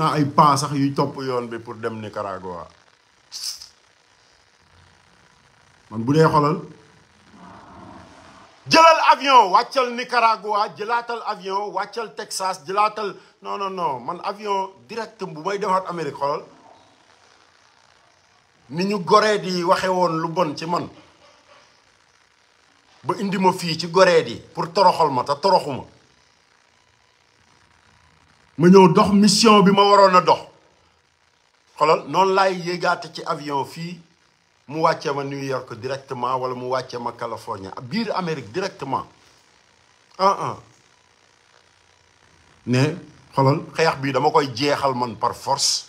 naa ay pas yu yuy topp yoon bi pour dem Nicaragua man bu dee xolal jëlal avion wàccal Nicaragua jëlaatal avion wàccal Texas jëlaatal non non man avion direct bu may demaat Amérique xolal ni ñu goree di waxe woon lu bon ci man ba indi ma fii ci goree di pour toroxal ma te toroxuma ma ñëw dox mission bi ma waroon a dox xolal noonu laay yéegaate ci avion fii mu wàccee ma New York directement wala mu wàccee ma Californie biir Amérique directement ah ah ne xolal xeex bi dama koy jeexal man par force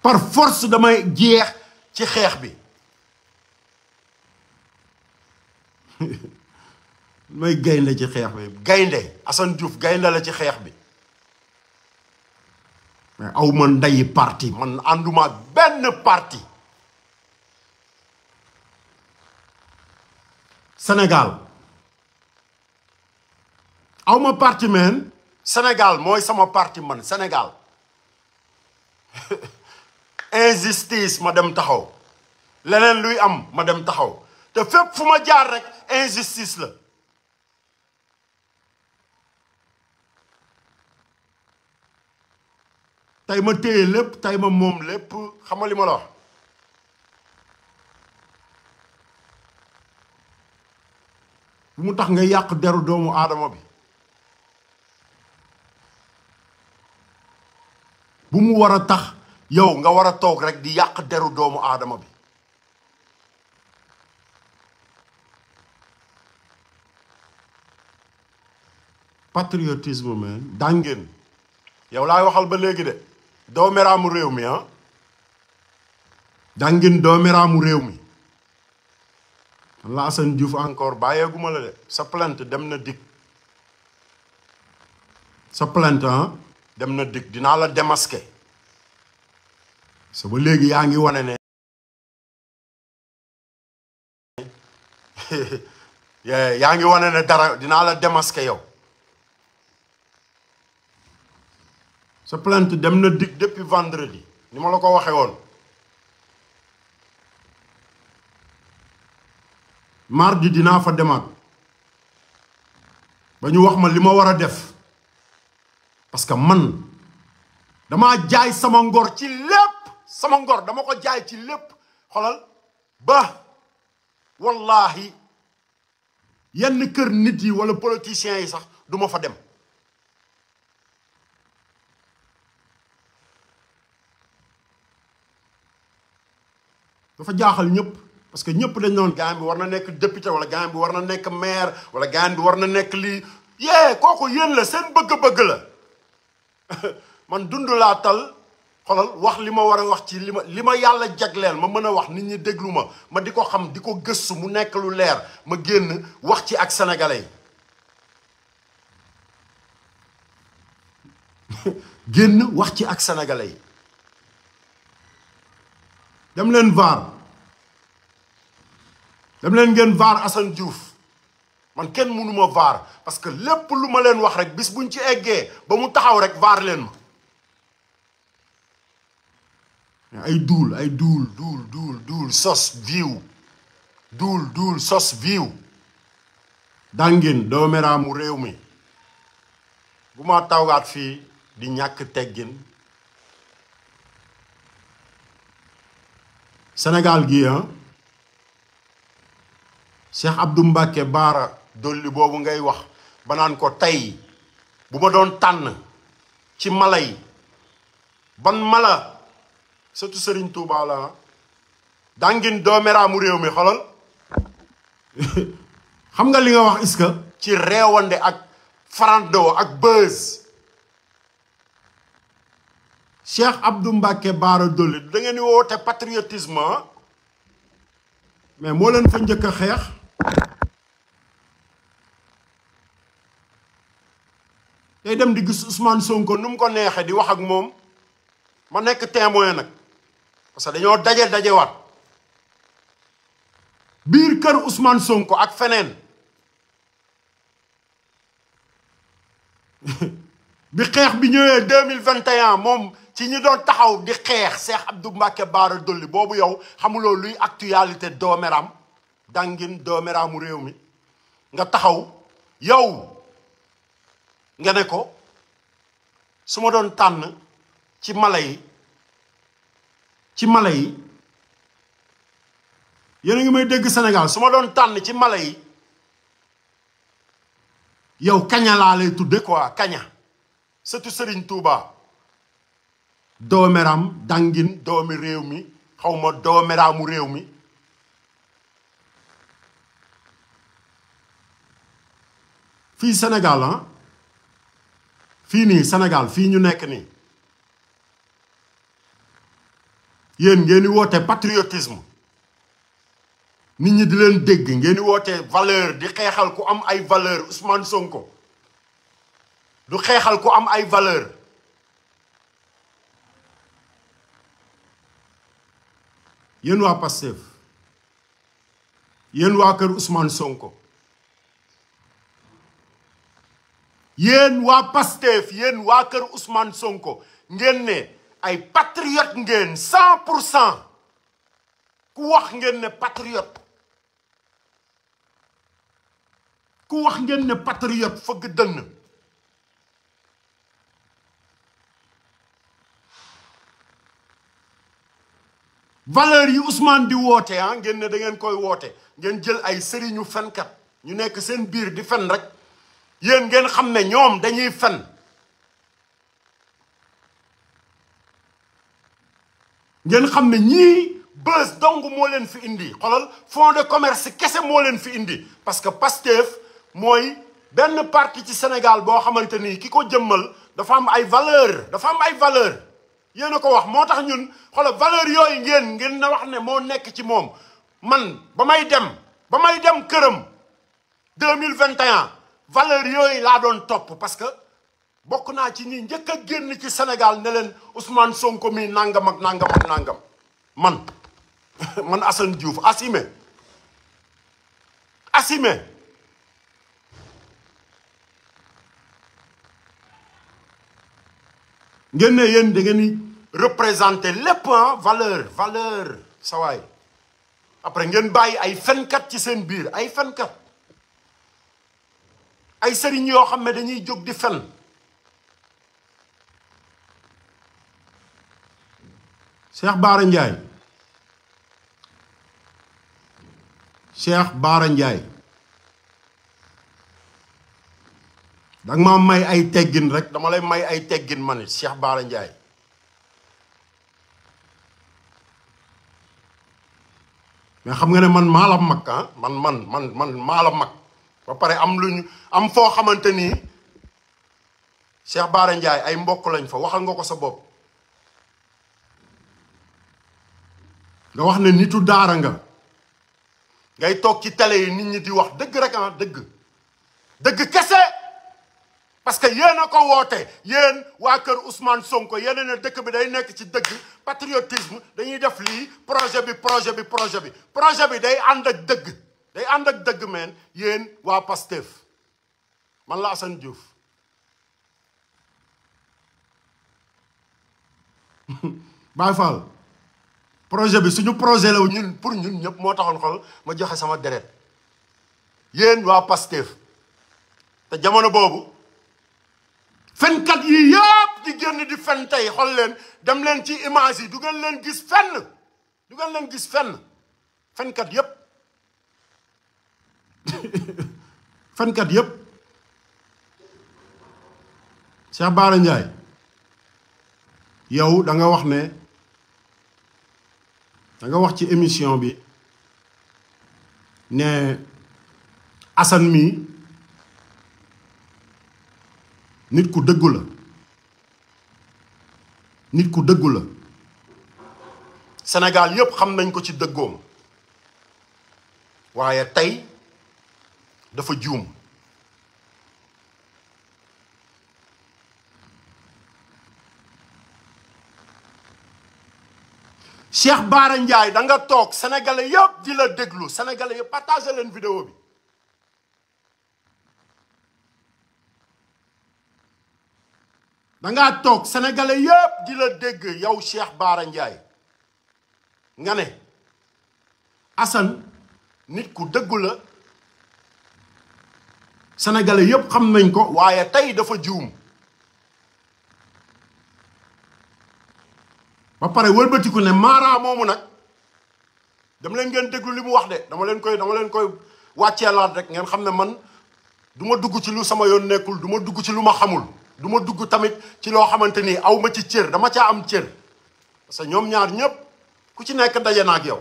par force damay jeex ci xeex bi may gaynde ci xeex bi gaynde Assane Diouf gaynde la ci xeex bi mais aw ma ndeyi parti man ànduma benn parti Sénégal aw ma parti Sénégal mooy sama parti man Sénégal injustice ma dem taxaw leneen luy am ma dem taxaw te fépp fu ma jaar rek injustice la tey ma téye lépp tey ma moom lépp xamali nga ma la bu mu tax nga yàq deru doomu aadama bi bu mu war a tax yow nga war a toog rek di yàq deru doomu aadama bi patriotisme man dangeen yow laay waxal ba léegi de doomeraamu réew mi ah dangeen doomeraamu réew mi man la Assane Diouf encore bàyyeeguma la de sa plainte dem na dik sa plainte ah dem na dik dinaa la démasquer sa léegi yaa ngi wane ne yaa ngi wane ne dara dinaa la démasquer yow sa plainte dem na dig depuis vendredi ni ma la ko waxe woon mardi dinaa fa demaat ba ñu wax ma li ma war a def parce que man dama jaay sama ngor ci lépp sama ngor dama ko jaay ci lépp xolal ba wallaahi yenn kër nit yi wala politiciens yi sax duma fa dem dafa jaaxal ñëpp parce que ñëpp dañ doon gaañ bi war na nekk député wala gaañ bi war na nekk maire wala gaañ bi war na nekk lii yee kooku yéen la seen bëgg-bëgg la man dund laa tal xolal wax li ma war a wax ci li ma li ma yàlla jagleel ma mën a wax nit ñi déglu ma ma di ko xam di ko gëstu mu nekk lu leer ma génn wax ci ak sénégalais génn wax ci ak sénégalais yi dem leen vaar dem leen ngeen vaar Assane Diouf man kenn mënuma vaar parce que lépp lu ma leen wax rek bis buñ ci eggee ba mu taxaw rek vaar leen ma ay duul ay duul duul duul duul sos viiw duul duul sos viiw dàngin doomeraamu réew mi bu ma tawgaat fii di ñàkk teggin Sénégal gi ah Cheikh Abdou Mbacké Baara dolli boobu ngay wax ba naan ko tey bu ma doon tànn ci mala yi ban mala surtout Serigne Touba la ah. daa ngeen réew mi xolal xam nga li nga wax est ci réewande ak farandoo ak bës Cheikh Abdou Mbacké Bara Dolly da ngeen di woote patriotisme mais moo leen fa jëkk xeex tey dem di gis Ousmane Sonko nu mu ko neexee di wax ak moom ma nekk témoin nag parce que dañoo daje daje dajewaat biir kër Ousmane Sonko ak feneen bi xeex bi ñëwee deux mille vingt moom. ci ñu doon taxaw di xeex Cheikh Abdou Mbacké Bara Dolly boobu yow xamuloo luy actualité doomeram dangin doomeramu réew mi nga taxaw yow nga ne ko su ma doon tànn ci mala yi ci mala yi yéen a may dégg Sénégal su ma doon tànn ci mala yi yow kaña laa lay tudde quoi kaña surtout Serigne Touba doomeram dangin doomi réew mi xaw ma doomeraamu réew mi fii Sénégal ah, fii nii Sénégal fii ñu nekk nii yéen ngeen di woote patriotisme nit ñi di leen dégg ngeen di woote valeur di xeexal ku am ay valeur Ousmane Sonko du xeexal ku am ay valeur yéen waa Pastef yéen waa kër Ousmane Sonko yéen waa Pastef yéen waa kër Ousmane Sonko ngeen ne ay patriote ngeen cent pour cent ku wax ngeen ne patriote ku wax ngeen ne patriote fëgg dënn valeur yi Ousmane di woote ah ngeen ne da ngeen koy woote ngeen jël ay sëriñu fenkat ñu nekk seen biir di fen rek yéen ngeen xam ne ñoom dañuy fen ngeen xam ne ñii bës dong moo leen fi indi xolal fond de commerce kese moo leen fi indi parce que Pastef mooy benn partie ci Sénégal boo xamante ni ki ko jëmmal dafa am ay valeur dafa am ay valeur yéen a ko wax moo tax ñun xoolal valeur yooyu ngeen ngeen na wax ne moo nekk ci moom man ba may dem ba may dem këram deux mille vingt et un valeur yooyu laa doon topp parce que bokk naa ci ñi njëkk a génn ci Sénégal ne leen Ousmane Sonko mi nangam ak nangam ak nangam man man Assane Diouf assumé assime ngeen ne yéen da ngeen di représenter lépp valeur valeur sawaay après ngeen bàyyi ay fenkat ci seen biir ay fenkat ay sëriñ yoo xam ne dañuy jóg di fen Cheikh Baara Ndiaye Cheikh Baara Ndiaye danga maa may ay teggin rek dama lay may ay teggin man it Cheikh Bara Ndiaye mais xam nga ne man maa mag ah man man man man maa la mag ba pare am luñ am foo xamante ni Cheikh Bara njaay ay mbokk lañ fa waxal nga ko sa bopp nga wax ne nitu daara nga ngay toog ci télé yi nit ñi di wax dëgg rek ah dëgg dëgg kese parce que yéen a ko woote yéen waa kër Ousmane Sonko yéen ne dëkk bi day nekk ci dëgg patriotisme dañuy def lii projet bi projet bi projet bi projet bi day ànd ak dëgg day ànd ak dëgg meen yéen waa Pastef man la Assane Diouf Baye Fall projet bi suñu projet la ñun pour ñun ñëpp moo taxoon ma joxe sama deret yéen waa Pastef te jamono boobu fenkat yi yëpp di génn di fen tey xool leen dem leen ci image yi du leen gis fenn du ngeen leen gis fenn fenkat yëpp fenkat yëpp Cheikh Bara Ndiaye yow danga wax ne da nga wax ci émission bi ne Assane mi nit ku dëggu la nit ku dëggu la senegal yépp xam nañ ko ci dëggoom waaye tey dafa juum Cheikh Bara Ndiaye danga toog sénégalais yépp di la déglu sénégalais yépp partagé leen vidéo bi da ngaa toog sénégalais yëpp di la dégg yow Cheikh baara njaay nga ne Assane nit ku dëggu la sénégalais yépp xam nañ ko waaye tey dafa juum ba pare wëlbatiku ne Mara moomu nag dama leen ngeen déglu li mu wax de dama leen koy dama leen koy wàcceelaat rek ngeen xam ne man duma dugg ci lu sama yoon nekkul duma dugg ci lu ma xamul du ma dugg tamit ci loo xamante ni aw ma ci cër dama caa am cër parce que ñoom ñaar ñëpp ku ci nekk daje na ak yow.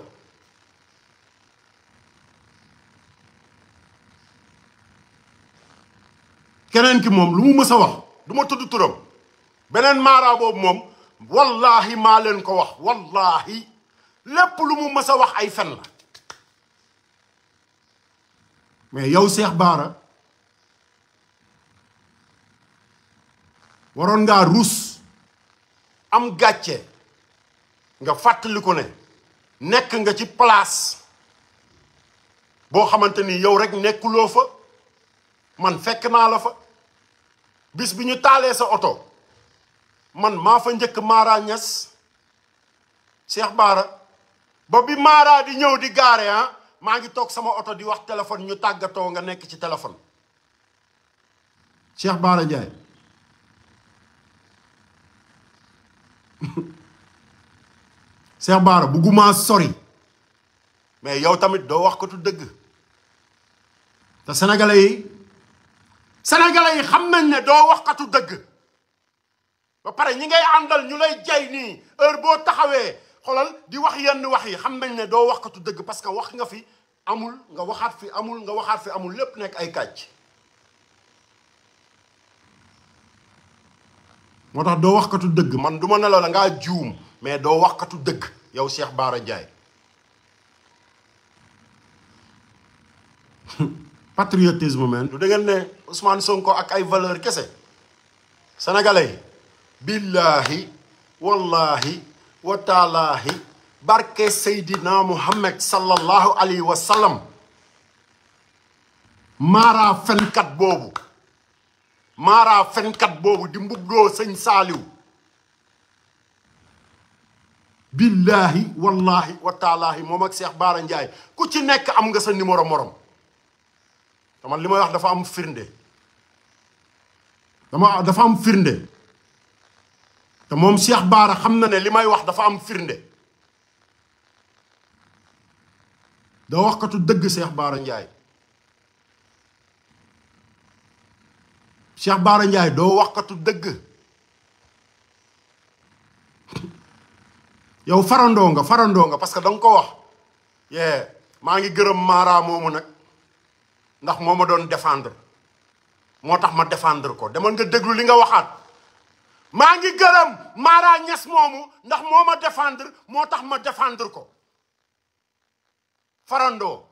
keneen ki moom lu mu mës a wax du ma tudd turam beneen maaraa boobu moom wallaahi maa leen ko wax wallaahi lépp lu mu mës a wax ay fen la mais yow Cheikh baara waroon ngaa ruus am gàcce nga fàttali ko ne nekk nga ci palaas boo xamante ni yow rekk nekkuloo fa man fekk naa la fa bis bi ñu taalee sa oto man maa fa njëkk Mara Niass Cheikh Bara ba bi Mara di ñëw di gaare ah maa ngi toog sama oto di wax téléphone ñu tàggatoo nga nekk ci téléphone Cheikh Bara Ndiaye Cheikh bu bugguma sori mais yow tamit doo wax ko dëgg te sénégalais yi sénégalais yi xam nañ ne doo wax katu dëgg ba pare ñi ngay àndal ñu lay jay ni heure boo taxawee xolal di wax yenn wax yi xam nañ ne doo wax katu dëgg parce que wax nga fi amul nga waxaat fi amul nga waxaat fi amul lépp nekk ay kàcc moo tax doo waxkatu dëgg man duma ma ne la ngaa juum mais doo waxkatu dëgg yow Cheikh Bara Ndiaye patriotisme du da ne Ousmane Sonko ak ay valeur kese sénégalais billahi wallahi wa taalaahi barke Seydina Muhammad sallallahu alayhi wa sallam fenkat boobu maaraa fenkat boobu di mbubboo sëñ saaliw billaahi wallaahi wa taalaahi moom ak Cheikh Baara Ndiaye ku ci nekk am nga sa numéro morom dama li may wax dafa am firnde dama dafa am firnde te moom Cheikh Baara xam na ne li may wax dafa am firnde da waxkatu dëgg Cheikh Baara Ndiaye Cheikh Bara Ndiaye doo waxkatu dëgg yow farandoo nga farandoo nga parce que da nga ko wax yee maa ngi gërëm maara moomu nag ndax moo ma doon défendre moo tax ma défendre ko demal nga déglu li nga waxaat maa ngi gërëm Mara Niass moomu ndax moo ma défendre moo tax ma défendre ko farandoo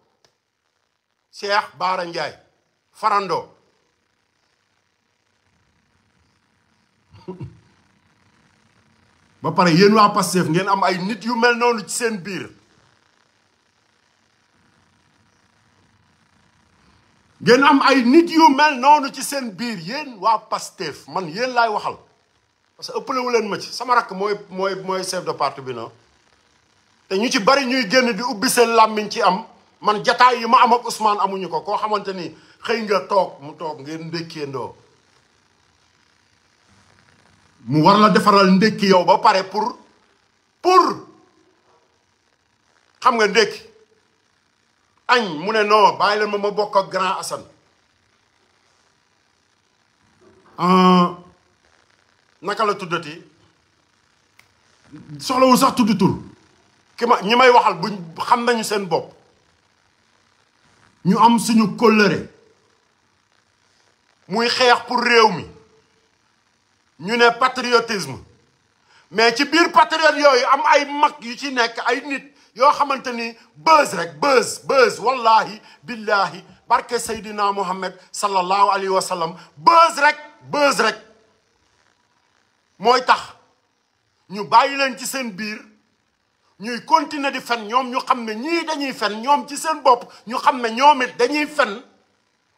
Cheikh Bara Ndiaye farandoo ba pare yéen waa Pastef ngeen am ay nit yu mel noonu ci seen biir ngeen am ay nit yu mel noonu ci seen biir yéen waa Pastef man yéen laay waxal parce que ëppalewu leen ma ci sama rakk mooy mooy mooy chef de parti bi na te ñu ci bari ñuy génn di ubbi seen làmmiñ ci am man jataay yi ma am ak Ousmane amuñu ko koo xamante ni xëy nga toog mu toog ngeen ndékkee ndoo mu war la defaral ndékki yow ba pare pour pour xam nga ndékki añ mu ne non bàyyi leen ma ma bokk ak grand Assane euh, naka la tuddati soxlawul sax tudd ki ma ñi may waxal buñ xam nañu seen bopp ñu am suñu kóllëre muy xeex pour réew mi ñu ne patriotisme mais ci biir patriote yooyu am ay mag yu ci nekk ay nit yoo xamante ni bës rek bës bës wallahi billahi barke Seydina Muhammad sallallahu alayhi wa sallam bës rek rek mooy tax ñu bàyyi leen ci seen biir ñuy continuer di fen ñoom ñu xam ne ñii dañuy fen ñoom ci seen bopp ñu xam ne ñoom it dañuy fen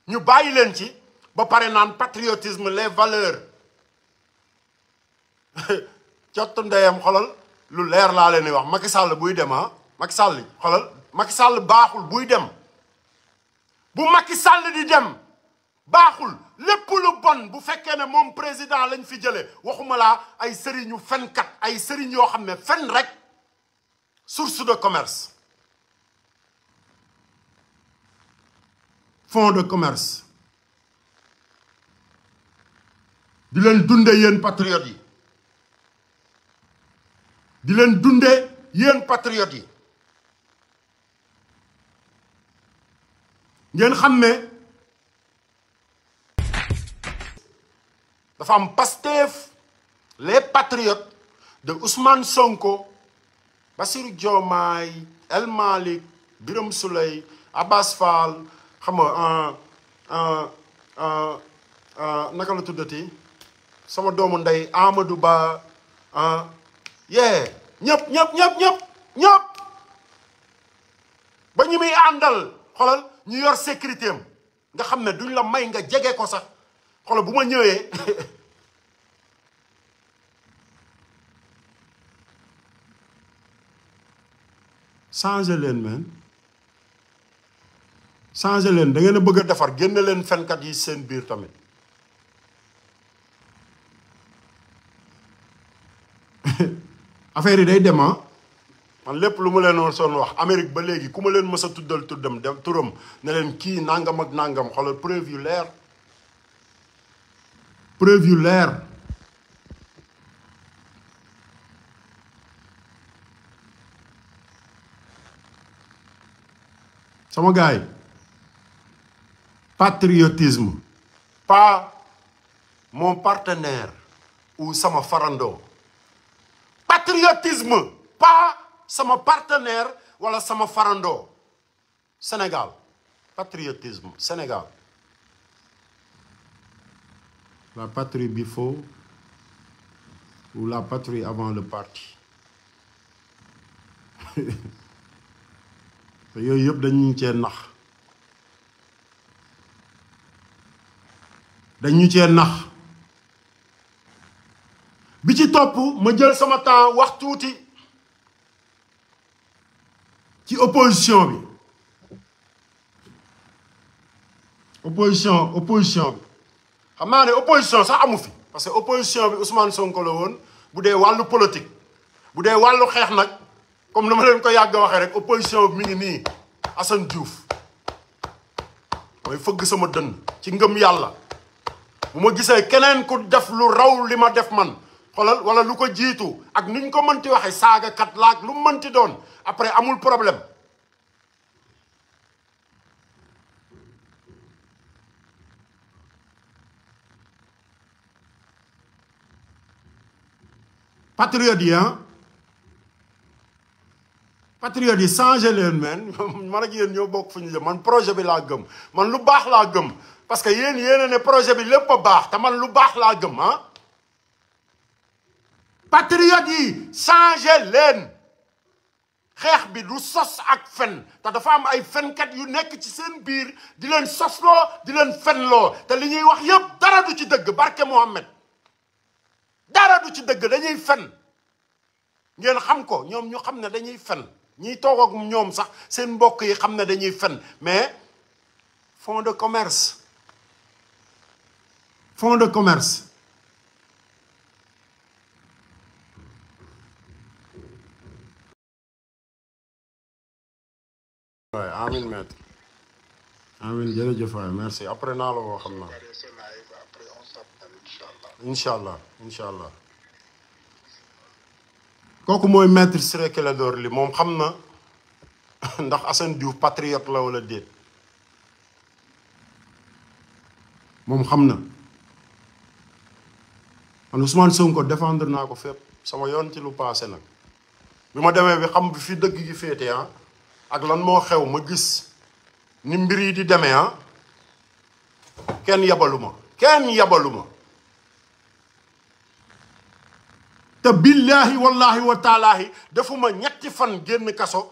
ñu bàyyi leen ci ba pare naan patriotisme les valeurs cottu ndeyam xolal lu leer laa leen di wax Macky sàll buy dem ah sàll Sall xolal Macky Sall baaxul buy dem bu Macky sàll di dem baaxul lépp lu bon bu fekkee ne moom président lañ fi jëlee waxuma laa ay sëriñu fenkat ay sëriñ yoo xam ne fen rek source de commerce fonds de commerce di leen dunde yéen patriotes yi di leen dundee yéen patriot yi ngeen xam dafa am Pastef les patriotes de Ousmane Sonko Bassirou Diomaye El Malick biram Souleye Abbas Fall xam nga naka la tuddati sama doomu ndey Amadou Ba yee ñëpp ñëpp ñëpp ñëpp ñëpp ba ñu muy àndal xolal ñu yor sécurité am nga xam ne duñ la may nga jege ko sax xolal bu ma ñëwee changer leen man changer leen da ngeen a bëgg a defar génn leen fenkat yi seen biir tamit affaire yi day dema ah. man lépp lu ma leen woon soon wax Amérique ba léegi ku ma leen mës a tuddal tuddam dem turam ne leen kii nangam ak nangam xoolal preuve yu leer preuve leer sama gars yi patriotisme pas mon partenaire ou sama farandoo patriotisme pas sama partenaire wala sama farandoo Sénégal patriotisme Sénégal la patrie before ou la patrie avant le parti te yooyu yëpp dañu cee nax dañu cee nax bi ci topp ma jël sama temps wax tuuti ci opposition bi opposition opposition bi xam naa ne opposition sax amu fi parce que opposition bi Ousmane Sonko la woon bu dee wàllu politique bu dee wàllu xeex nag comme ni ma leen ko yàgg waxee rek opposition bi mi ngi nii Assane Diouf mooy fëgg sama dënn ci ngëm yàlla bu ma gisee keneen ku def lu raw li ma def man xoolal wala lu ko jiitu ak nuñ ko mënti waxe saaga kat laag lu mënti doon après amul problème patriote yi ah patriote yi changé leen man man ak yéen ñoo bokk fu ñu man projet bi laa gëm man lu baax laa gëm parce que yéen yéen ne projet bi lépp a baax te man lu baax laa gëm ah patriotes di changé leen xeex bi du sos ak fen te dafa am ay fenkat yu nekk ci seen biir di leen sosloo di leen fenloo te li ñuy wax yépp dara du ci dëgg barke Mohammed dara du ci dëgg dañuy fen ngeen xam ko ñoom ñu xam ne dañuy fen ñiy toog ak ñoom sax seen mbokk yi xam ne dañuy fen mais fonds de commerce fonds de commerce waay amin jërëjëf merci après naa xam naa incha allah incha allah kooku mooy maître Ciré Clédor Ly moom xam na ndax assen Diouf patriote la wala déet moom xam na man Ousmane Sonko defendre naa ko fépp sama yoon ci lu passé nag bi ma demee bi xam bi fi dëgg gi féete ah ak lan moo xew ma gis ni mbir yi di demee ah kenn yabalu ma kenn yabalu ma te billaahi wallaahi wa taalaahi defuma ñetti fan génn kaso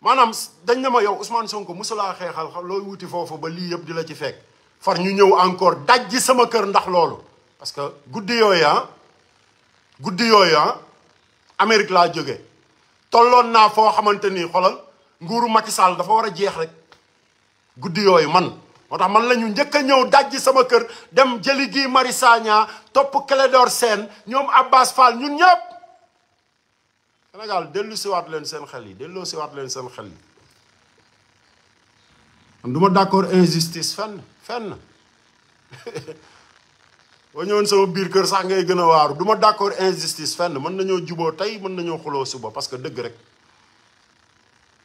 maanaam dañ ne ma yow Ousmane Sonko musulaa xeexal looy wuti foofu ba lii yëpp di la ci fekk fan ñu ñëw encore dajji sama kër ndax loolu parce que guddi yooya ah, guddi yooya ah, Amérique laa jóge tolloon naa foo xamante ni xolal nguuru Macky Sall dafa war a jeex rek guddi yooyu man moo tax man la njëkk a ñëw dajji sama kër dem jëli gi Mari Sagna topp Clédor seen ñoom Abbas Fall ñun ñëpp Sénégal dellu siwaat leen seen xel yi delloo siwaat leen seen xel yi man du ma d'accord injustice fenn fenn boo ñëwoon sama biir kër sax ngay gën a waaru du ma d'accord injustice fenn mën nañoo juboo tey mën nañoo xuloo suba parce que dëgg rek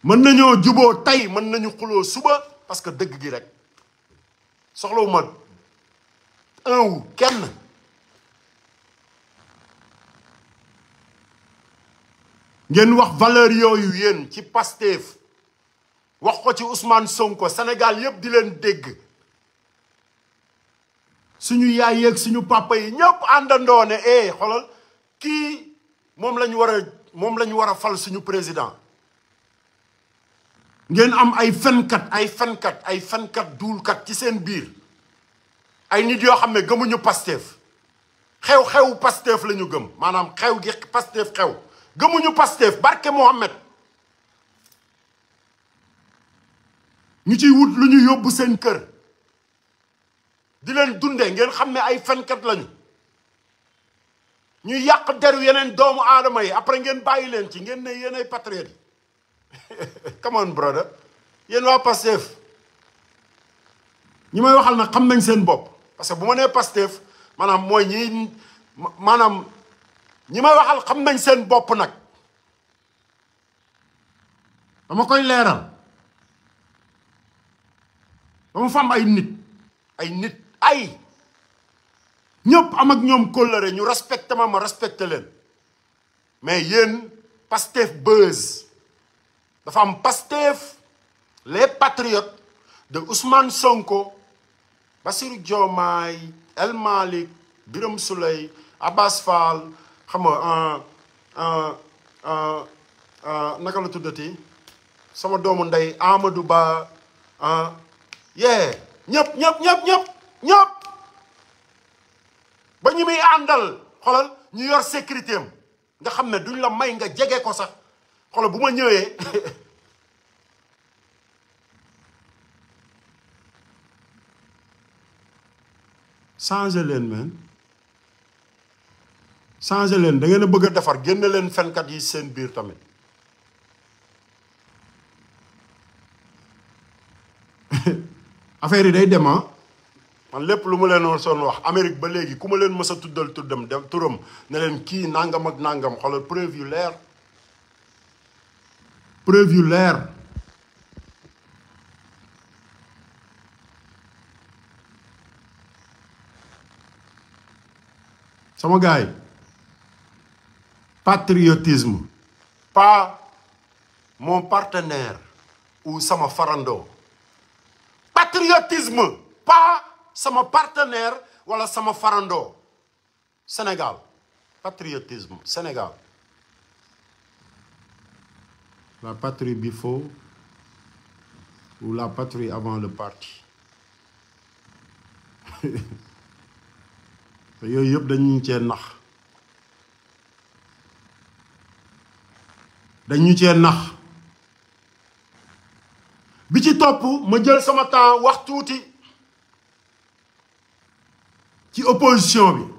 mën nañoo juboo tey mën nañu xuloo suba parce que dëgg gi rek soxlawuma un wu kenn ngeen wax valeur yooyu yéen ci Pastef wax ko ci Ousmane Sonko Sénégal yépp di leen dégg suñu yaay yeeg suñu papa yi ñëpp àndandoone eh xolal kii moom lañu war moom lañu war a fal suñu président ngeen am ay fenkat ay fenkat ay fenkat duulkat ci seen biir ay nit yoo xam ne gëmuñu Pastef xew xew Pastef lañu gëm maanaam xew gi Pastef xew gëmuñu Pastef barke Mohammed ñu ciy wut lu ñu yóbbu seen kër di leen dundee ngeen xam ne ay fenkat lañu ñu yàq deru yeneen doomu aadama yi après ngeen bàyyi leen ci ngeen ne yéen ay patriotes come on brother yéen waa Pastef ñi may waxal nag xam nañ seen bopp parce que bu ma nee Pastef maanaam mooy ñi maanaam ñi may waxal xam nañ seen bopp nag dama koy leeral dama fam ay nit ay nit ay ñëpp am ak ñoom kóllëre ñu respecté ma ma respecté leen mais yéen Pastef buzz dafa am Pastef les patriotes de Ousmane Sonko Bassirou Diomaye El Malick Birame Souleye Abbas Fall xam nga naka la tuddati sama doomu ndey Amadou Ba yee ñëpp ñëpp ñëpp ñëpp ñëpp ba ñu muy àndal xoolal ñu yor sécurité am nga xam ne duñ la may nga jege ko sax xoolal bu ma ñëwee changé leen man changé leen da ngeen a bëgg a defar génne leen fenkat yi seen biir tamit affaire yi day demaa ah. man lépp lu ma leen war soon wax amerique ba léegi ku ma leen mës a tuddal tuddam dem turam ne leen kii nàngam ak nangam xoolal preuve yu leer preuve yu leer sama gars yi patriotisme pas mon partenaire ou sama farandoo patriotisme pas sama partenaire wala sama farandoo Sénégal patriotisme Sénégal la patrie before ou la patrie avant le parti yooyu yëpp dañu cee nax dañu cee nax bi ci topp ma jël sama temps wax tuuti ci opposition bi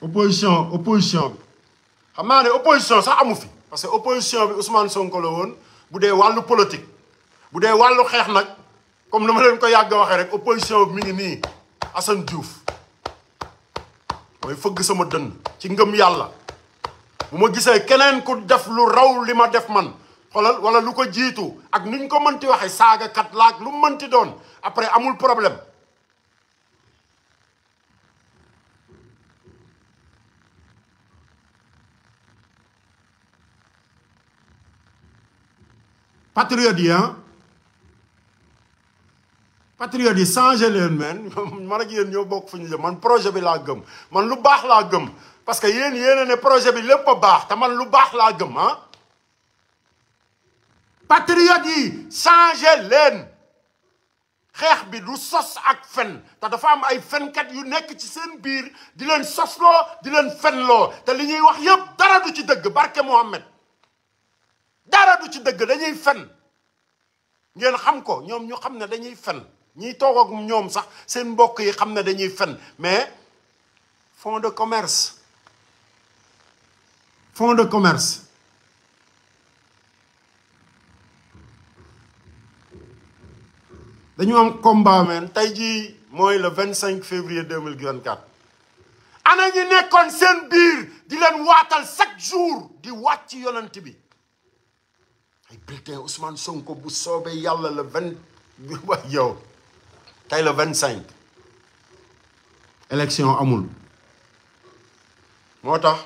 opposition xam naa ne opposition sax amu fi parce que opposition bi Ousmane Sonko woon bu dee wàllu politique bu dee wàllu xeex nag comme nu ma leen ko yàgg waxee rek opposition bi mi ngi nii Assane Diouf mooy fëgg sama dënn ci ngëm yàlla bu ma gisee keneen ku def lu raw li ma def man walla wala lu ko jiitu ak nuñ ko mënti waxee saaga kat laag lu mënti doon après amul problème patriote yi patriotes yi changé leen man man ak yéen ñoo bokk fu ñu jëm man projet bi laa gëm man lu baax laa gëm parce que yéen yéen ne projet bi lépp a baax te man lu baax laa gëm ah patriotes yi changé leen xeex bi du sos ak fen te dafa am ay fenkat yu nekk ci seen biir di leen sosloo di leen fenloo te li ñuy wax yépp dara du ci dëgg barke Mohammed dara du ci dëgg dañuy fen ngeen xam ko ñoom ñu xam ne dañuy fen ñiy toog ak ñoom sax seen mbokk yi xam ne dañuy fen mais fonds de commerce fonds de commerce dañu am combat men tey jii mooy le vingt cinq février deux mille vingt quatre ana ñu nekkoon seen biir di leen waatal chaque jour di wàcc yonent bi ay bulletin Ousmane Sonko bu soobee yàlla le vingt yow tey la vingt cinq élection amul moo tax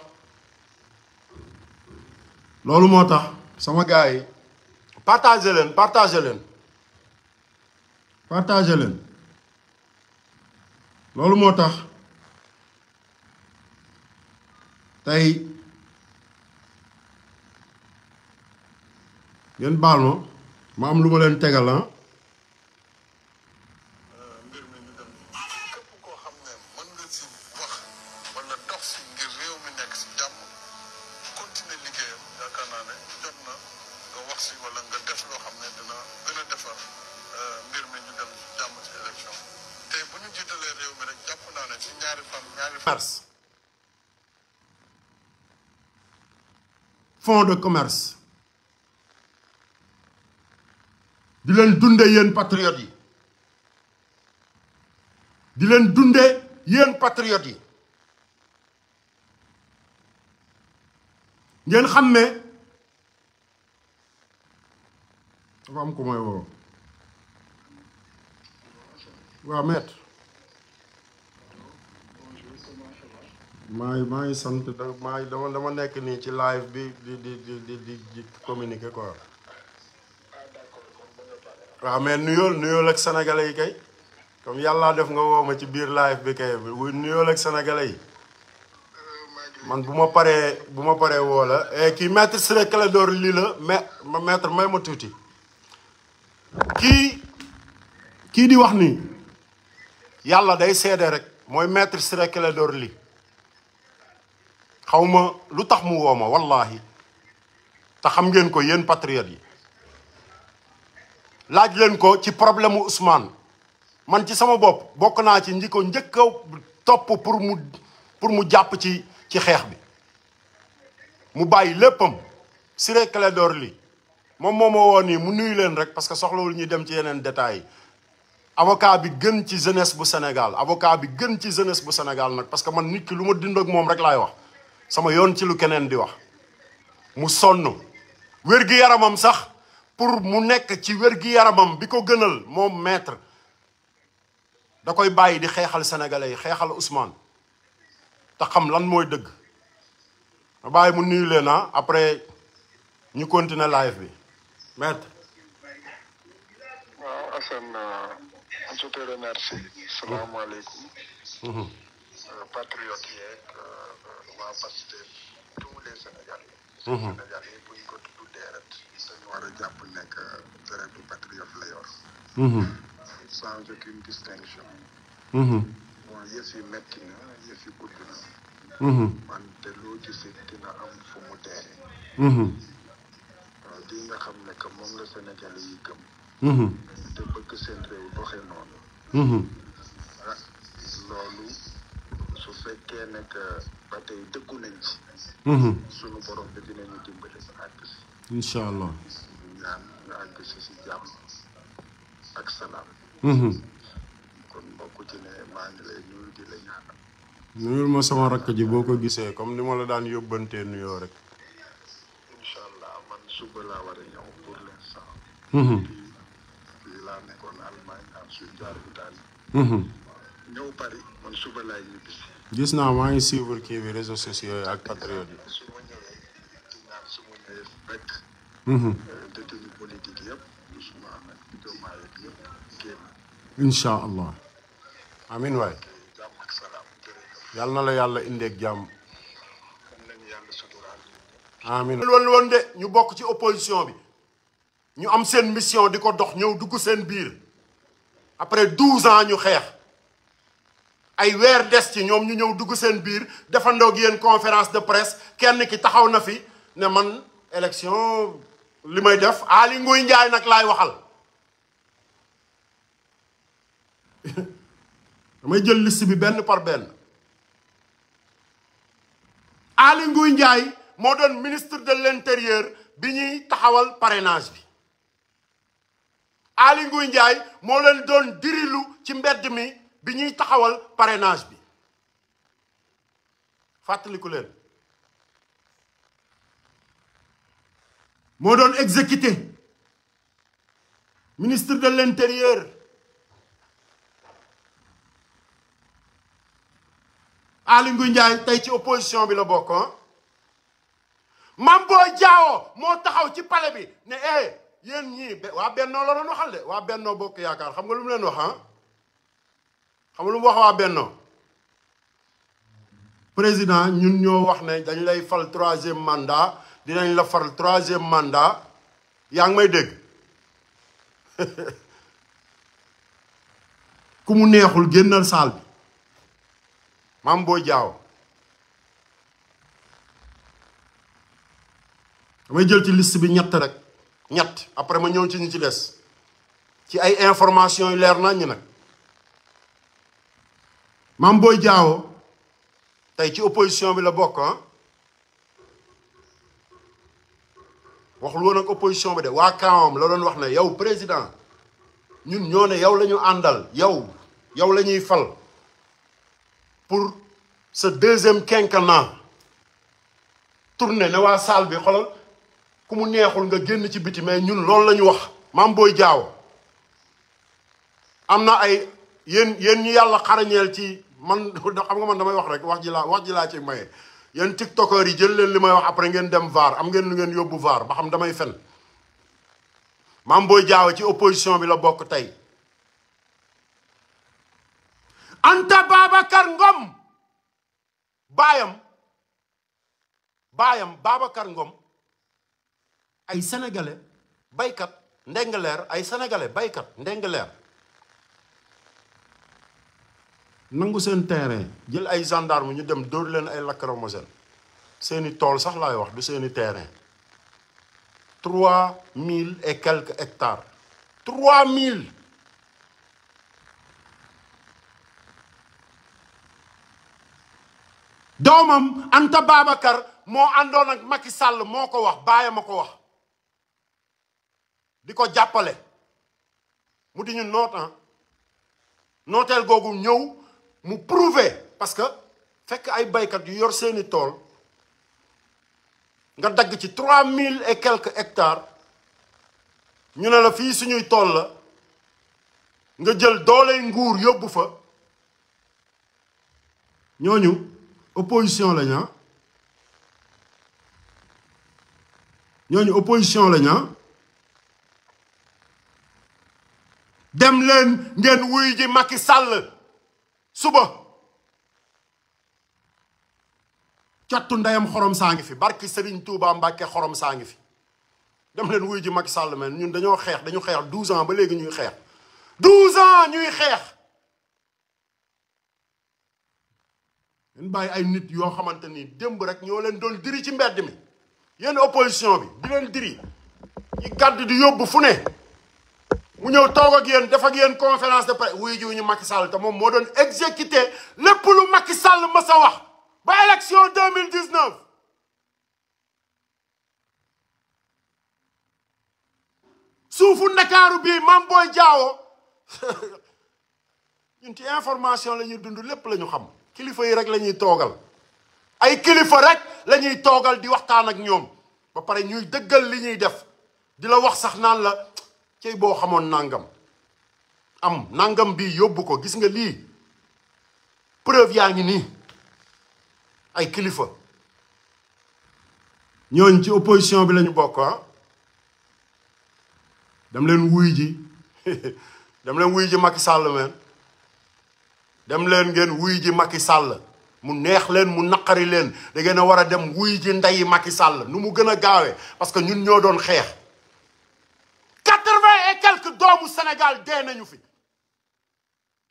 loolu moo tax sama gars yi partagé leen partagé leen partagé leen loolu moo tax tey ngeen baal ma ma am lu ma leen tegal ah. fonds commerce di leen dunde yeen patriotes yi di leen dunde yeen patriotes yi ngeen xam ne dafa am ko mooy woo waaw maître maa ngi maa ngi sant da dama dama nekk nii ci live bi di di di di di communiquer waaw mais nuyool nuyool ak sénégalais yi kay comme yàllaa def nga woo ma ci biir live bi kay wu nuyool ak sénégalais yi man bu ma paree bu ma paree woo la eh, kii maître Ciré Clédor Ly la ma maître may ma tuuti kii kii di wax nii yàlla day seede rek mooy maître Ciré Clédor li xawma lu tax mu woo ma wallaahi te xam ngeen ko yéen patriotes yi laaj leen ko ci problème mu usmaan man ci sama bopp bokk naa ci ñi ko njëkk topp pour mu pour mu jàpp ci ci xeex bi mu bàyyi léppam Siré Clédor Ly moom moo ma woo nii mu nuyu leen rek parce que soxlawul ñuy dem ci yeneen détails yi avocat bi gën ci jeunesse bu senegal avocat bi gën ci jeunesse bu senegal nag parce que man nit ki lu ma dund ak moom rek laay wax sama yoon ci lu keneen di wax mu sonn wér-gi-yaramam sax pour mu nekk ci wér-gi-yaramam bi ko gënal moom maître da koy bàyyi di xeexal sénégalais yi xeexal Ousmane te xam lan mooy dëgg ma bàyyi mu nuyu leen ah après ñu continuer live bi maître euh, waa Pastef tous les Sénégalais. Mhm. bu ñu ko tuddee rek dañu war a jàpp nekk deretu euh, patriote la yor. Mhm. sans aucune distinction. Mhm. bon yëf yi metti na yëf yi gudd na. wante loo gisee dina am fu mu dee. waaw li nga xam ne que moom la Sénégalais yi gëm. te bëgg seen réew doxee noonu. fekkee nekk ba tey dëggu nañ ci. Mhm. sunu allah. nga àgg si si jàmm ak salaam. Mhm. kon mbokk ci ne maa lay nuyu di la ñaanal. nuyul ma sama rakk ji boo ko gisee comme ni ma la daan yóbbantee nuyoo rek. incha allah mhm. ñëw Paris man suba laay ñibbisi. gis naa maa ngi suivre kii bi réseaux sociaux yi ak patriote yi. su ma ñëwee dinaa su ma ñëwee fekk. ak Diomaye ak yëpp génn. incha allah amin waay. yal na la yàlla indeeg jàmm. amin loolu woon de ñu bokk ci opposition bi ñu am seen mission di ko dox ñëw dugg seen biir après douze ans ñu xeex. ay weer des ci ñoom ñu ñëw dugg seen biir defandoo ak yéen conférence de presse kenn ki taxaw na fi ne man élection li may def ali nguy Ndiaye nag laay waxal damay jël liste bi benn par benn Aly Ngouille Ndiaye moo doon ministre de l'intérieur bi ñuy taxawal parrainage bi Aly Ngouille Ndiaye moo leen doon dirilu ci mbedd mi bi ñuy taxawal parenage bi fàttaliku leen moo doon exécuté ministre de l'intérieur Aly Ngouille Ndiaye tey ci opposition bi la bokk ah. Mame Boye Diao moo taxaw ci palais bi ne eh yéen ñii waa Bennoo la doon waxal de waa Bennoo bokk yaakaar xam nga lu mu leen wax ah xam lu mu wax waa Benno président ñun ñoo wax ne dañ lay fal troisième mandat dinañ la fal troisième mandat yaa ngi may dégg ku mu neexul génnal saal bi maam boo jaaw damay jël ci liste bi ñett rek ñett après ma ñëw ci ñu ci des ci ay information yu leer nañ ñu nag Mame booy Diao tey ci opposition bi la bokk ah waxul woon ak opposition bi de waa kaawam la doon wax ne yow président ñun ñoo ne yow lañu àndal yow yow la ñuy fal pour ce deuxième quinquennat tourné ne waa salle bi xolal ku mu neexul nga génn ci biti mais ñun loolu la ñu wax Mame booy Diao am na ay yéen yéen ñu yàlla xarañeel ci man xam nga man damay wax rek wax ji laa wax ji laa ci maye yéen tiktokers yi jël leen li may wax après ngeen dem vaar am ngeen lu ngeen yóbbu vaar ba xam damay fen maam booy jaawe ci opposition bi la bokk tey Anta Babacar Ngom baayam baayam Ngom ay sénégalais baykat ndengaleer ay sénégalais baykat ndengaleer nangu seen terrain jël ay gendarme ñu dem dóor leen ay lacrymogène seeni tool sax laay wax du seeni terrain trois mille et quelques hectares trois mille doomam Anta Babacar moo àndoon ak Macky sàll moo ko wax bàyyi ma ko wax di ko jàppale mu di ñu nootan ah. nooteel googu ñëw mu prouver parce que fekk ay baykat yu yor seeni tool nga dagg ci trois mille et quelques hectares ñu ne la fii suñuy tool la nga jël dooley nguur yóbbu fa ñooñu opposition la ah. ñooñu opposition la ñaa ah. dem leen ngeen wuy ji Macky Sall suba cattu ndeyam xorom saa ngi fi barki Serigne tuubaa Mbacke xorom saa ngi fi dem leen wuyu ji mag Sall men ñun dañoo xeex dañu xeex 12 ans ba léegi ñuy xeex 12 ans ñuy xeex. ngeen bàyyi ay nit yoo xamante ni démb rek ñoo leen doon diri ci mbedd mi yenn opposition bi di leen diri yi gàdd di yóbbu fu ne. mu ñëw toog a yéen def ak yéen conférence de presse wuy ñu Macky Sall te moom moo doon exécuté lépp lu Macky sàll ma sa wax ba élection 2019 suufu ndakaaru bii Mame Boye Diao ñun ci information la ñuy dund lépp lañu xam kilifa yi rek la ñuy toogal ay kilifa rek lañuy toogal di waxtaan ak ñoom ba pare ñuy dëggal li ñuy def di la wax sax naan la cey boo xamoon nangam am nangam bi yóbbu ko gis nga lii preuve yaa ngi nii ay kilifa ñooñ ci opposition bi lañu bokk ah dem leen wuy ji dem leen wuy ji Macky Sall men dem leen ngeen wuy ji Macky sàll mu neex leen mu naqari leen da ngeen war a dem wuy ji ndeyi Macky sàll nu mu gën a gaawe parce que ñun ñoo doon xeex et quelques doomu Sénégal dee nañu fi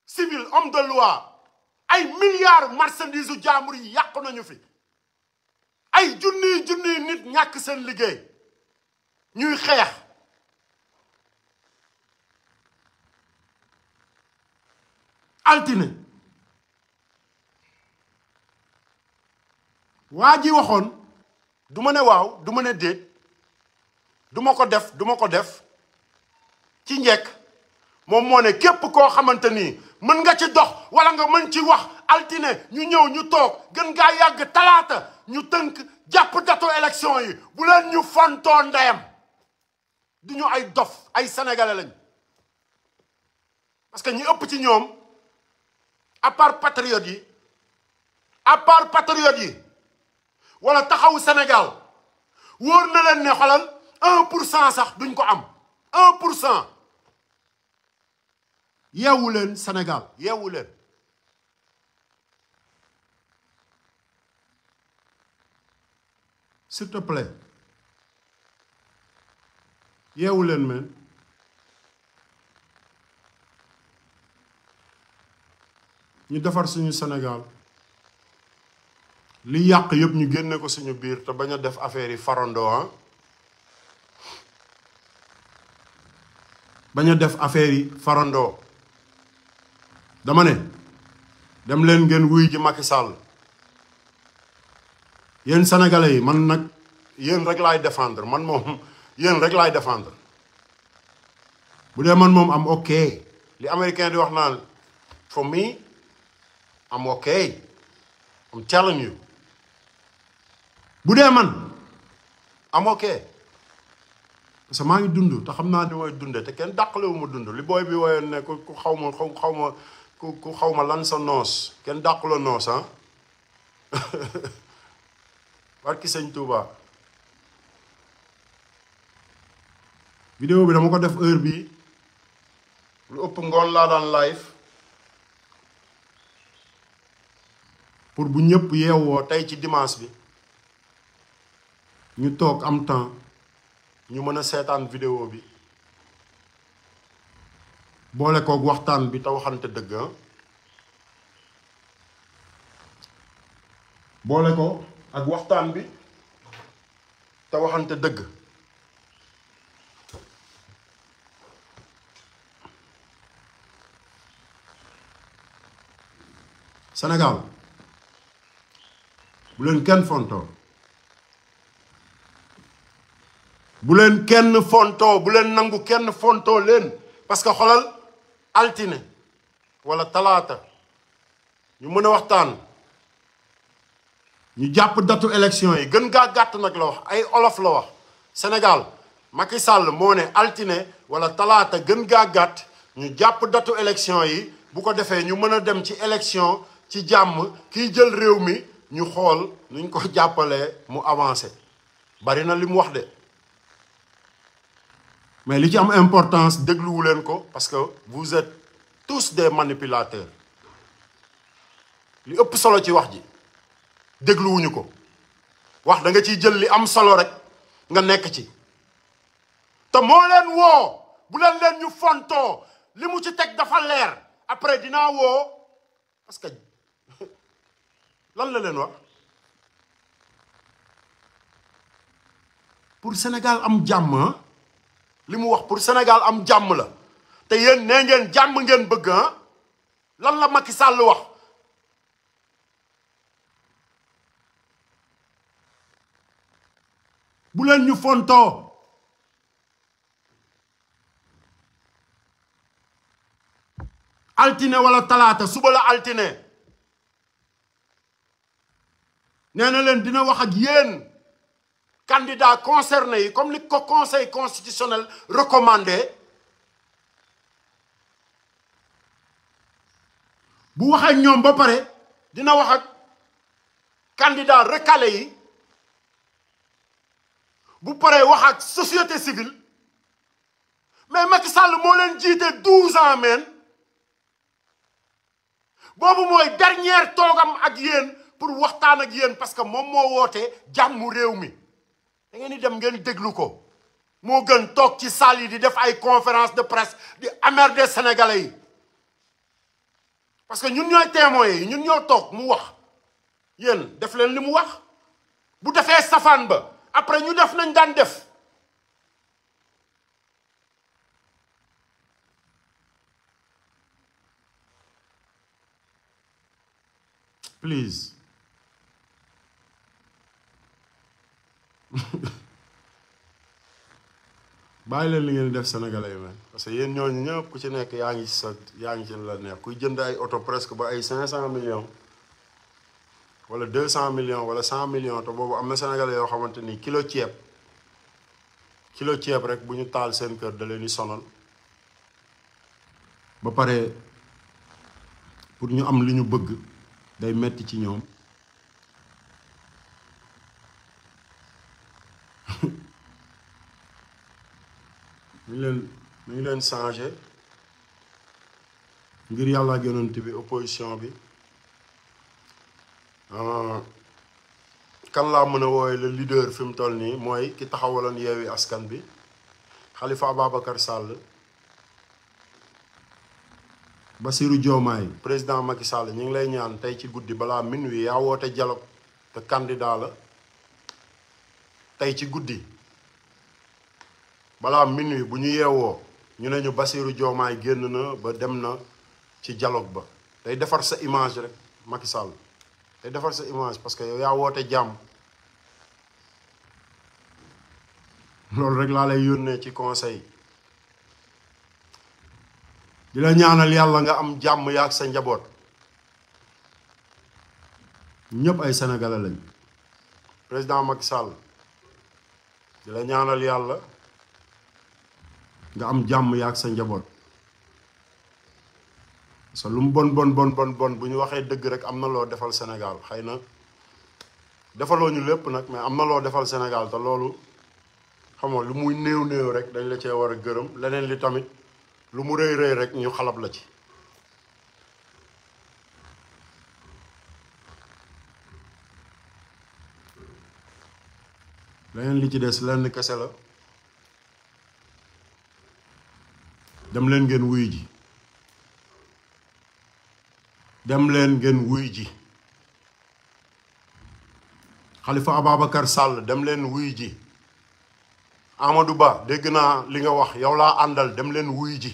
civil homme de loi ay milliards marchandises u jaambur yi yàq nañu fi ay junniy junniy nit ñàkk seen liggéey ñuy xeex altine waa ji waxoon du ma ne waaw du ma ne déet duma ko def duma ko def ci njekk moom moo ne képp koo xamante ni mën nga ci dox wala nga mën ci wax altine ñu ñëw ñu toog gën ngaa yàgg talaata ñu tënk jàpp datu élection yi bu leen ñu fontoo ndayam du ñu ay dof ay sénégalais parce que ñu ëpp ci ñoom à part patriotes yi à part patriotes yi wala taxawu Sénégal wóor na leen ne xolal un pour cent sax duñ ko am un pour cent yeewu leen Sénégal yeewu leen s'il te yeewu leen men ñu defar suñu Sénégal li yàq yëpp ñu génne ko suñu biir te bañ a def affaire yi farandoo ah def affaire yi farandoo dama ne dem leen ngeen wuy ji Macky Sall yéen sénégalais yi man nag yéen rek laay défendre man moom yéen rek laay défendre bu dee man moom am ok li américain di wax naa for me am ok am telling you bu dee man am ok parce que maa ngi dund te xam naa di may dunde te kenn dàqalewu ma dund li booy bi woyoon ne ku xaw ma xaw ma ku ku xaw ma lan sa noos kenn dàqu la noos ah barki sëñ Touba. vidéo bi dama ko def heure bi lu ëpp ngoon laa daan live pour bu ñëpp yeewoo tey ci dimaas bi ñu toog am temps ñu mën a seetaan vidéo bi. boole koog waxtaan bi te waxante dëgg ah. boole ak waxtaan bi te waxante dëgg Sénégal bu leen kenn fontoo bu leen kenn fontoo bu leen nangu kenn fontoo leen parce xolal altine wala talaata ñu mën a waxtaan ñu jàpp datu élection yi gën gaa gàtt nag la wax ay olof la wax Sénégal Macky Sall moo ne altine wala talaata gën gaa gàtt ñu jàpp datu élection yi bu ko defee ñu mën a dem ci élection ci jàmm kiy jël réew mi ñu xool luñ ko jàppale mu avancé bari na li mu wax de mais li ci am importance dégluwu leen ko parce que vous êtes tous des manipulateurs li ëpp solo ci wax ji dégluwuñu ko wax da nga ciy jël li am solo rek nga nekk ci te moo leen woo bu leen leen ñu fontoo li mu ci teg dafa leer après dinaa woo parce que lan la leen wax pour Sénégal am jàmm li mu wax pour Sénégal am jàmm la te yéen nee ngeen jàmm ngeen bëgg ah lan la Macky Sall wax bu leen ñu fontoo altine walla talaata suba la altine nee na leen dina wax ak yéen candidat concerné yi comme ni ko conseil constitutionnel recommandé bu wax ak ñoom ba pare dina wax ak candidat recalé yi bu pare wax ak société civile mais mati sàll moo leen jiite douze ans meen boobu mooy dernière toogam ak yéen pour waxtaan ak yéen parce que moom moo woote jàmmu réew mi da ngeen dem ngeen déglu ko moo gën toog ci salle yi di def ay conférence de presse di emmerder sénégalais yi parce que ñun ñooy témoins yi ñun ñoo toog mu wax yéen def leen li mu wax bu defee safaan ba après ñu def nañ daan def please bàyyi leen li ngeen def sénégalais yi man parce que yéen ñooñu ñëpp ku ci nekk yaa ngi sa yaa ngi ci la neex kuy jënd ay oto presque ba ay cinq cent millions wala deux cent million wala cent millions te boobu am na sénégalais yoo xamante ni kilo ceeb kilo ceeb rek bu ñu taal seen kër da leen di sonal ba pare pour ñu am li ñu bëgg day metti ci ñoom mu leen ñu leen changé ngir yàlla ak yonent bi opposition bi ah, kan laa mën a wooye le leader fi mu toll nii mooy ki taxawaloon yeewi askan bi Khalifa Ababacar Sall Bassirou Diomaye président Macky Sall ñu ngi lay ñaan tey ci guddi balaa minuit yaa woote dialogue te candidat la tey ci guddi balaa minuit bu ñu yeewoo ñu ne ñu Bassirou Diomaye génn na ba dem na ci jaloog ba day defar sa image rek Macky Sall day defar sa image parce que yow yaa woote jàmm loolu rek laa lay yónnee ci conseil di la ñaanal yàlla nga am jàmm yaak sa njaboot ñëpp ay sénégalais lañ président Macky di la ñaanal yàlla nga am jàmm yaag sa njaboot parce que lu mu bon bon bon bu ñu waxee dëgg rek am na loo defal Sénégal xay na defaloo ñu lépp nag mais am na loo defal senegal te loolu xam nga lu muy néew néew rek dañ la cee war a gërëm leneen li tamit lu mu rëy rëy rek ñu xalab la ci. leneen li ci des lenn kese la. demleen leen ngeen wuy ji dem leen ngeen wuy ji Khalifa Ababacar Sall dem leen wuy ji Amadou Ba dégg naa li nga wax yow laa àndal dem leen wuy ji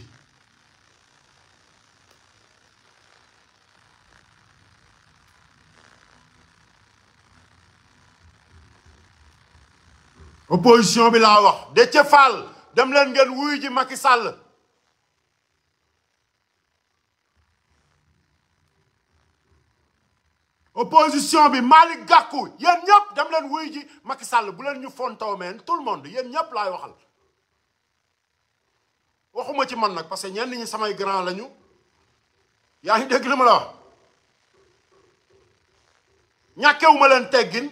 opposition bi laa wax Déthié Fall dem leen ngeen wuyu ji Macky Sall opposition bi Malick Gakou yéen ñëpp dem leen wuy ji Macky Sall bu leen ñu fontaw meen tout le monde yéen ñëpp laay waxal waxuma ci man nag parce que ñenn ñi samay grand lañu yaa ngi dégg li ma la wax ñàkkewuma leen teggin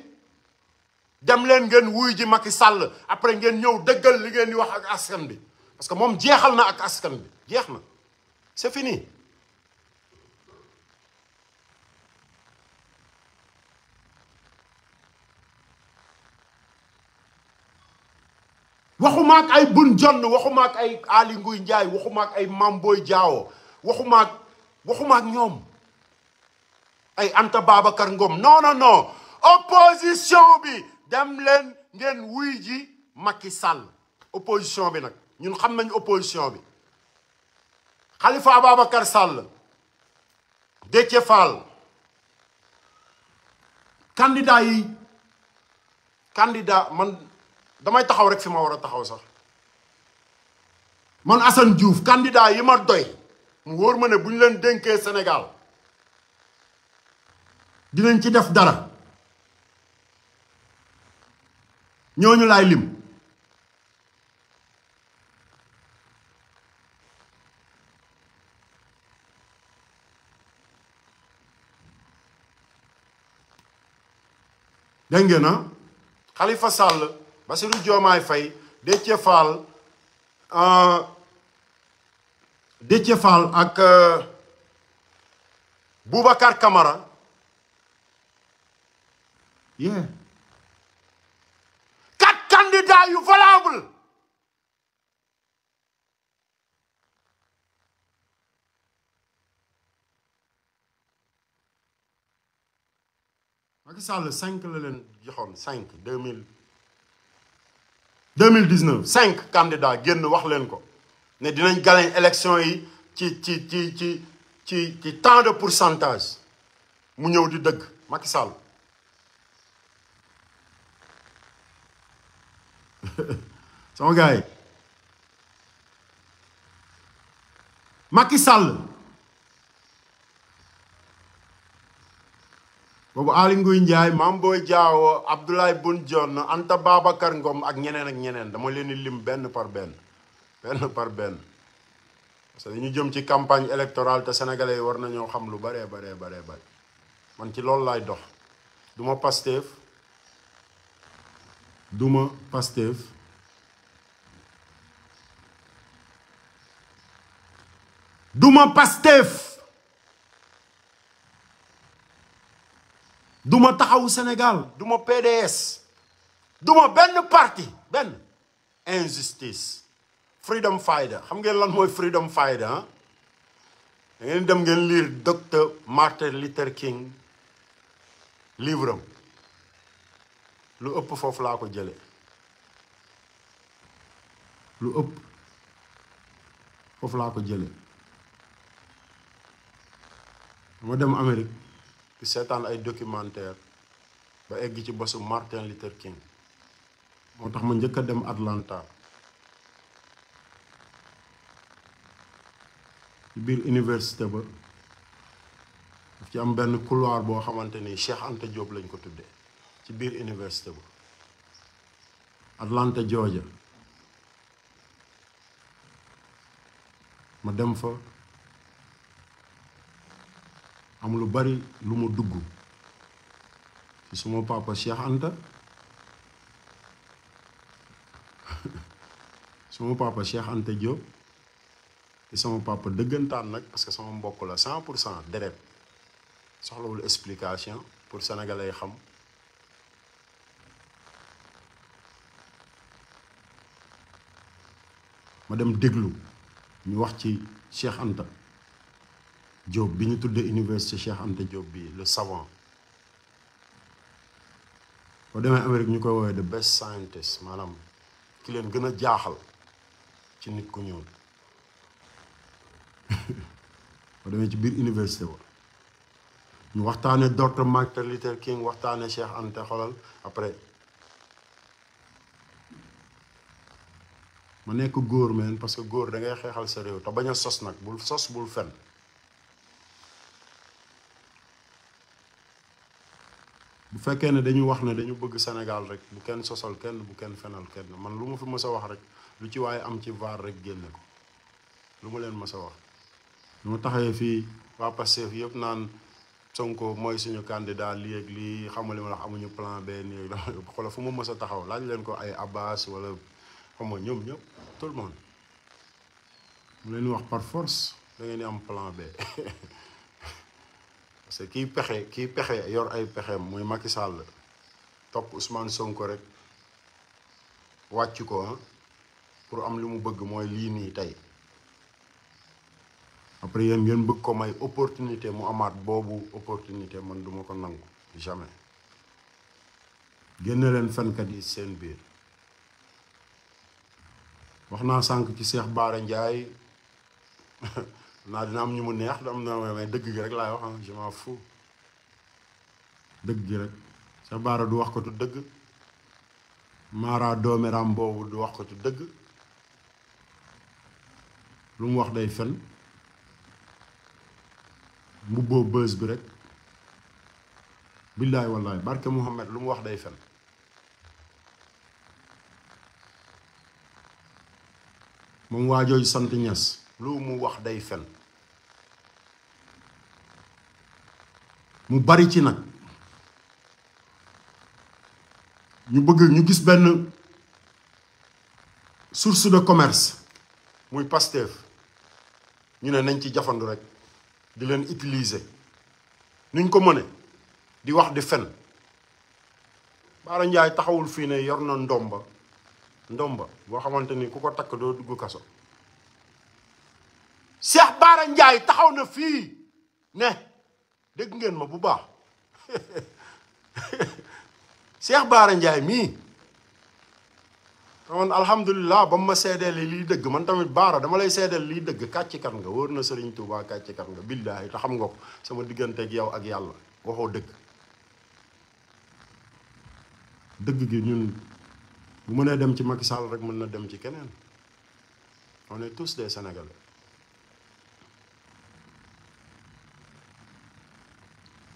dem leen ngeen wuy ji Macky sàll après ngeen ñëw dëggal li ngeen di wax ak askan bi parce que moom jeexal na ak askan bi jeex na c'est fini waxuma ak ay Bun Jonn waxuma ak ay Ali Nguy Njaay waxuma ay Mam Boy Diawo waxuma ñoom ay Anta Babacar Ngom non non opposition bi dem leen ngeen wuy ji Macky Sall opposition bi nag ñun xam nañ opposition bi Khalifa Ababacar Sall Déthié Fall yi candidat damay taxaw rek fi ma war a taxaw sax man Assane Diouf candidat yi ma doy mu wóor ma ne bu ñu leen dénkee senegaal dinañ ci def dara ñooñu laay lim dégg ngeen na ah? Khalifa Sall Bassirou Diomaye Faye Déthié Fall euh, Déthié Fall ak euh, Boubacar Camara yeah quatre candidats yu valable Macky cinq la leen joxoon cinq deux mille 2019 cinq candidats génn wax leen ko ne dinañ gagner élection yi ci ci ci ci ci ci tant de pourcentage mu ñëw di dëgg Macky Sall sama gars yi Macky Sall boobu Aly Ngouille Ndiaye Mame Boye Diao Abdoulaye Boun Dionne Anta Babacar Ngom ak ñeneen ak ñeneen dama leen di lim benn par benn benn par benn parce que dañu jëm ci campagne électorale te sénégalais war nañoo xam lu baree baree baree bare man ci loolu lay dox duma Pastef duma Pastef duma Pastef duma ma taxawu Sénégal du ma PDS duma benn parti benn injustice freedom fighter xam ngeen lan mooy freedom fighter ah da ngeen dem ngeen lire docteur Martin Luther King livre lu ëpp foofu laa ko jële lu ëpp foofu laa ko jële ma dem Amérique di seetaan ay documentaire ba egg ci bosu Martin Luther King moo tax ma njëkk a dem Atlanta ci biir université ba daf ci am benn couloir boo xamante ni Cheikh Anta Diop lañ ko tuddee ci biir université ba Atlanta Georgia ma dem fa am lu bari lu ma dugg ci suma papa Cheikh Anta suma papa Cheikh Anta Diop te sama papa dëggantaan nag parce sama mbokk la cent pour cent deret soxlawul explication pour sénégalais yi xam ma dem déglu ñu wax ci Cheikh Anta Diop bi ñu tuddee université Cheikh Anta Diop bii le savant boo demee Amérique ñu koy woowee the best scientist maanaam ki leen gën a jaaxal ci nit ku ñëw boo demee ci biir université ba ñu waxtaanee docteur Martin Luther King waxtaanee Cheikh ante xolal après ma nekk góor meen parce que góor dangay xeexal sa réew te bañ a sos nag bul sos bul fen bu fekkee ne dañu wax ne dañu bëgg Sénégal rek bu kenn sosal kenn bu kenn fenal kenn man lu ma fi mës a wax rek lu ci waaye am ci vaar rek génne ko lu ma leen mës a wax lu ma taxawee fii waa Pastef yëpp naan Sonko mooy suñu candidat lii ak lii li ma la amuñu plan B nii xoolal fu ma mës a taxaw laaj leen ko ay Abbas wala xam nga ñoom ñëpp tout le mu leen wax par force da ngeen am plan B parce que kiy pexe kiy pexe yor ay pexeem muy Macky Sall topp Ousmane Sonko rek wàcc ko ah, pour am lu mu bëgg mooy lii nii tey après yéen ngeen bëgg ko may opportunité mu amaat boobu opportunité man duma ko nangu jamais génne leen fenkat yi seen biir wax naa sànq ci Cheikh Bara Ndiaye naa dina am ñu mu neex da dëgg gi rek laay wax ah je m'en dëgg gi rek sa baara du wax ko tu dëgg maara doomeram boobu du wax ko tu dëgg lu mu wax day fen mbubboo bës bi rek billaay wallaay barke Muhammad lu mu wax day fen moom waa jooju sant ñas lu mu wax day fen mu bari ci nag ñu bëgg ñu gis benn source de commerce muy Pastef ñu ne nañ ci jafandu rek di leen utiliser nuñ ko mëne di wax di fen Baara Ndiaye taxawul fii ne yor na ndomba ndomba boo xamante ni ku ko takk doo dugg kaso Cheikh Baara Ndiaye taxaw na fii ne dégg ngeen ma bu baax Cheikh Baara Ndiaye mii man alhamdulilah ba mu ma seedeeli liy dëgg man tamit baara dama lay seedeel liy dëgg kàcc nga wóor na Serigne Touba kàcc kat nga billaahi te xam nga ko sama diggante ak yow ak yàlla waxoo dëgg dëgg gi ñun bu mënee dem ci Macky Sall rek mën na dem ci keneen on est tous des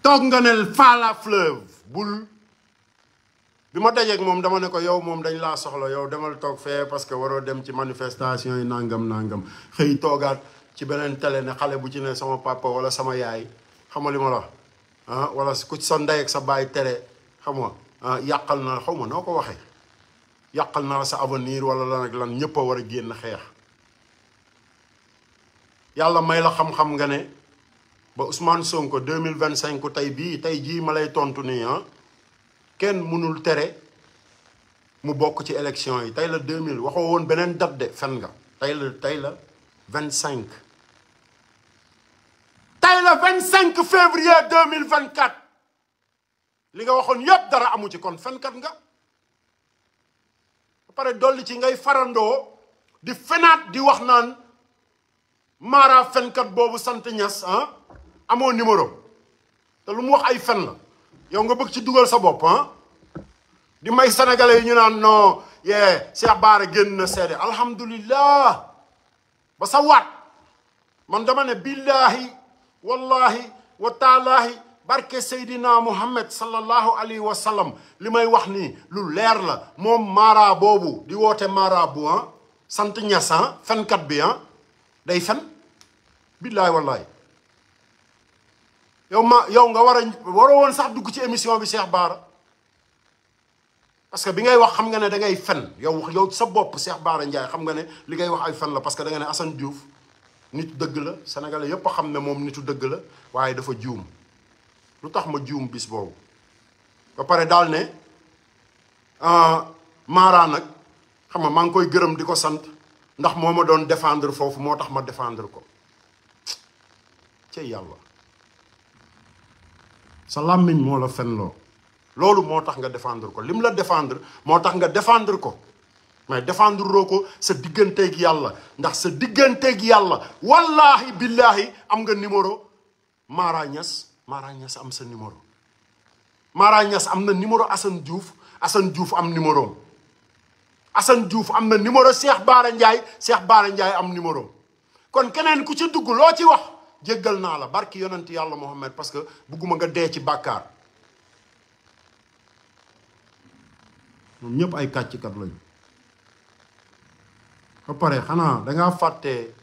toog nga ne faala fleuve bul bi ma dajeek moom dama ne ko yow moom dañ laa soxla yow demal toog fee parce que waroo dem ci manifestation yi nangam nangam xëy toogaat ci beneen télé ne xale bu ci ne sama papa wala sama yaay xam li ma la ah wala ku sa ndey ak sa baay tere xam nga ah, yàqal na xaw ma noo ko waxee yàqal na la sa avenir wala lan ak lan ñëpp a war a génn xeex yàlla may la xam-xam nga ne. ba Ousmane Sonko 2025 tey bii tey jii ma lay tontu nii ah kenn mënul tere mu bokk ci élection yi tey la 2000 waxoo woon beneen date de fen nga tey la tey la 25. tey la 25 février 2024 li nga waxoon yépp dara amu ci kon fenkat nga ba pare dolli ci ngay farandoo di fenaat di wax naan maara fenkat boobu sant ñas amoo numéro te lu mu wax ay fen la yow nga bëgg ci dugal sa bopp ah? di may sénégalais yi ñu naan non yee Cheikh Bara génn na seede alhamdulillah ba sa waat man dama ne billahi wallahi wa barke Seydina Muhammad sallallahu alayhi wa li may wax nii lu leer la moom mara boobu di woote mara bu ah? sant ñasan ah? fenkat bi day fen billahi wallahi yow ma yow nga war a waroo woon sax dugg ci émission bi Cheikh Bara parce que bi ngay wax xam nga ne da ngay fen yow yow sa bopp Cheikh Bara Ndiaye xam nga ne li ngay wax ay fen la parce que da nga ne Assane Diouf nit dëgg la sénégalais yépp xam ne moom nitu dëgg la waaye dafa juum lu tax ma juum bis boobu ba pare daal ne ah, Mara nag xam nga maa ngi koy gërëm di ko sant ndax moo ma doon defendre foofu moo tax ma défendre ko ci yàlla sa làmmiñ moo la loo loolu moo tax nga défendre ko lim la défendre moo tax nga défendre ko mais défendre roo ko sa digganteeg yàlla ndax sa digganteeg yàlla wallaahi billaahi am nga numéro Mara Niass Mara Niass am sa numéro. Mara Niass am na numéro Assane Diouf Assane Diouf am numéro Assane Diouf am na numéro Cheikh Baara Ndiaye seex Baara Ndiaye am numéro kon keneen ku ci dugg loo ci wax. jéggal naa la barki yonant yàlla Muhammad parce que bugguma nga dee ci bàkkaar ñoom ñëpp ay kàcckat lañu ba pare xanaa dangaa fàtte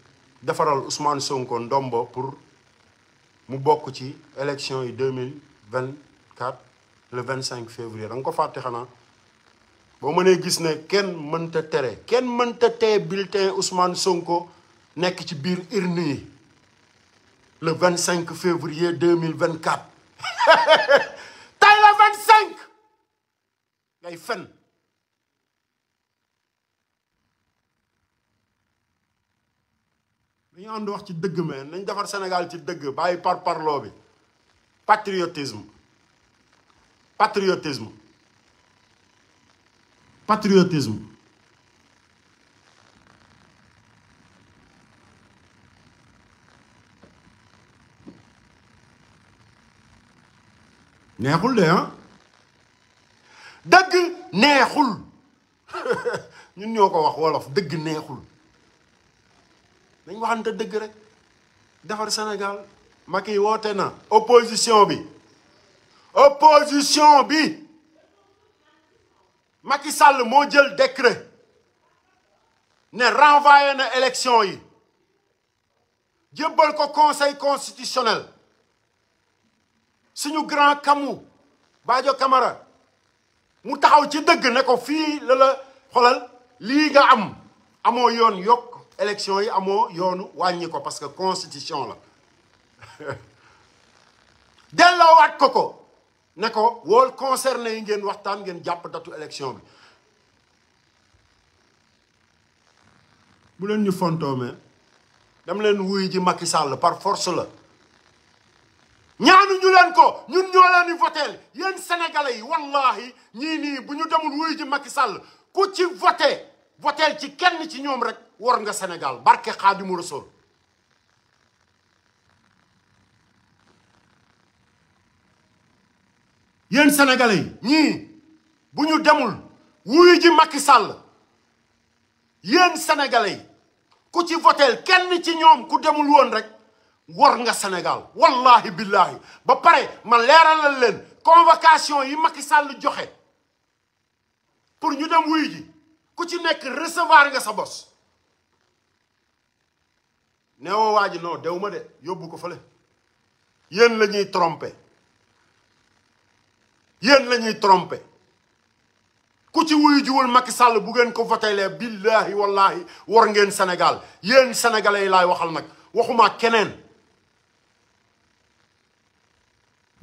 defaral Ousmane Sonko ndombo pour mu bokk ci élection yi deux mille vingt quatre le vingt cinq février da nga ko fàtte xanaa boo mënee gis ne kenn mënta tere kenn mënta tee bulletin Ousmane Sonko nekk ci biir urne yi le cinq février 2024 tey la 25 ngay fen dañu ànd wax ci dëgg mais nañ defar Sénégal ci dëgg bàyyi par parloo bi patriotisme patriotisme patriotisme neexul de ah dëgg neexul ñun ñoo ko wax wolof dëgg neexul dañ waxante dëgg rek defar Sénégal Macky woote na opposition bi opposition bi Macky Sall moo jël décret ne renvoyé na élection yi jébbal ko conseil constitutionnel suñu grand Kamou Badio Camara mu taxaw ci dëgg ne ko fii la la xoolal lii nga am amoo yoon yokk élection yi amoo yoonu wàññi ko parce que constitution la delloowaat ko ko ne ko wool concerné yi ngeen waxtaan ngeen jàpp datu élection bi bu leen ñu fontoomee dama leen wuyu ji Macky Sall par force la ñaanuñu leen ko ñun ñoo voteel yéen sénégalais yi wallahi ñii nii bu ñu demul wuyu ji Macky Sall ku ci voté voteel ci kenn ci ñoom rek war nga Sénégal barke Xaadimu Rasuul yéen sénégalais yi ñii bu ñu demul wuyu ji Macky Sall yéen sénégalais yi ku ci voteel kenn ci ñoom ku demul woon rek war nga Sénégal wallahi billahi ba pare ma leeralal leen convocation yi Macky sàll joxe pour ñu dem wuy ku ci nekk recevoir nga sa bos neewoo waa ji non dew ma de yóbbu ko fële yéen la ñuy tromper yéen la ñuy tromper ku ci wuyu jiwul Macky Sall bu ngeen ko votelee billahi wallahi war ngeen Sénégal yéen sénégalais yi laay waxal nag waxuma keneen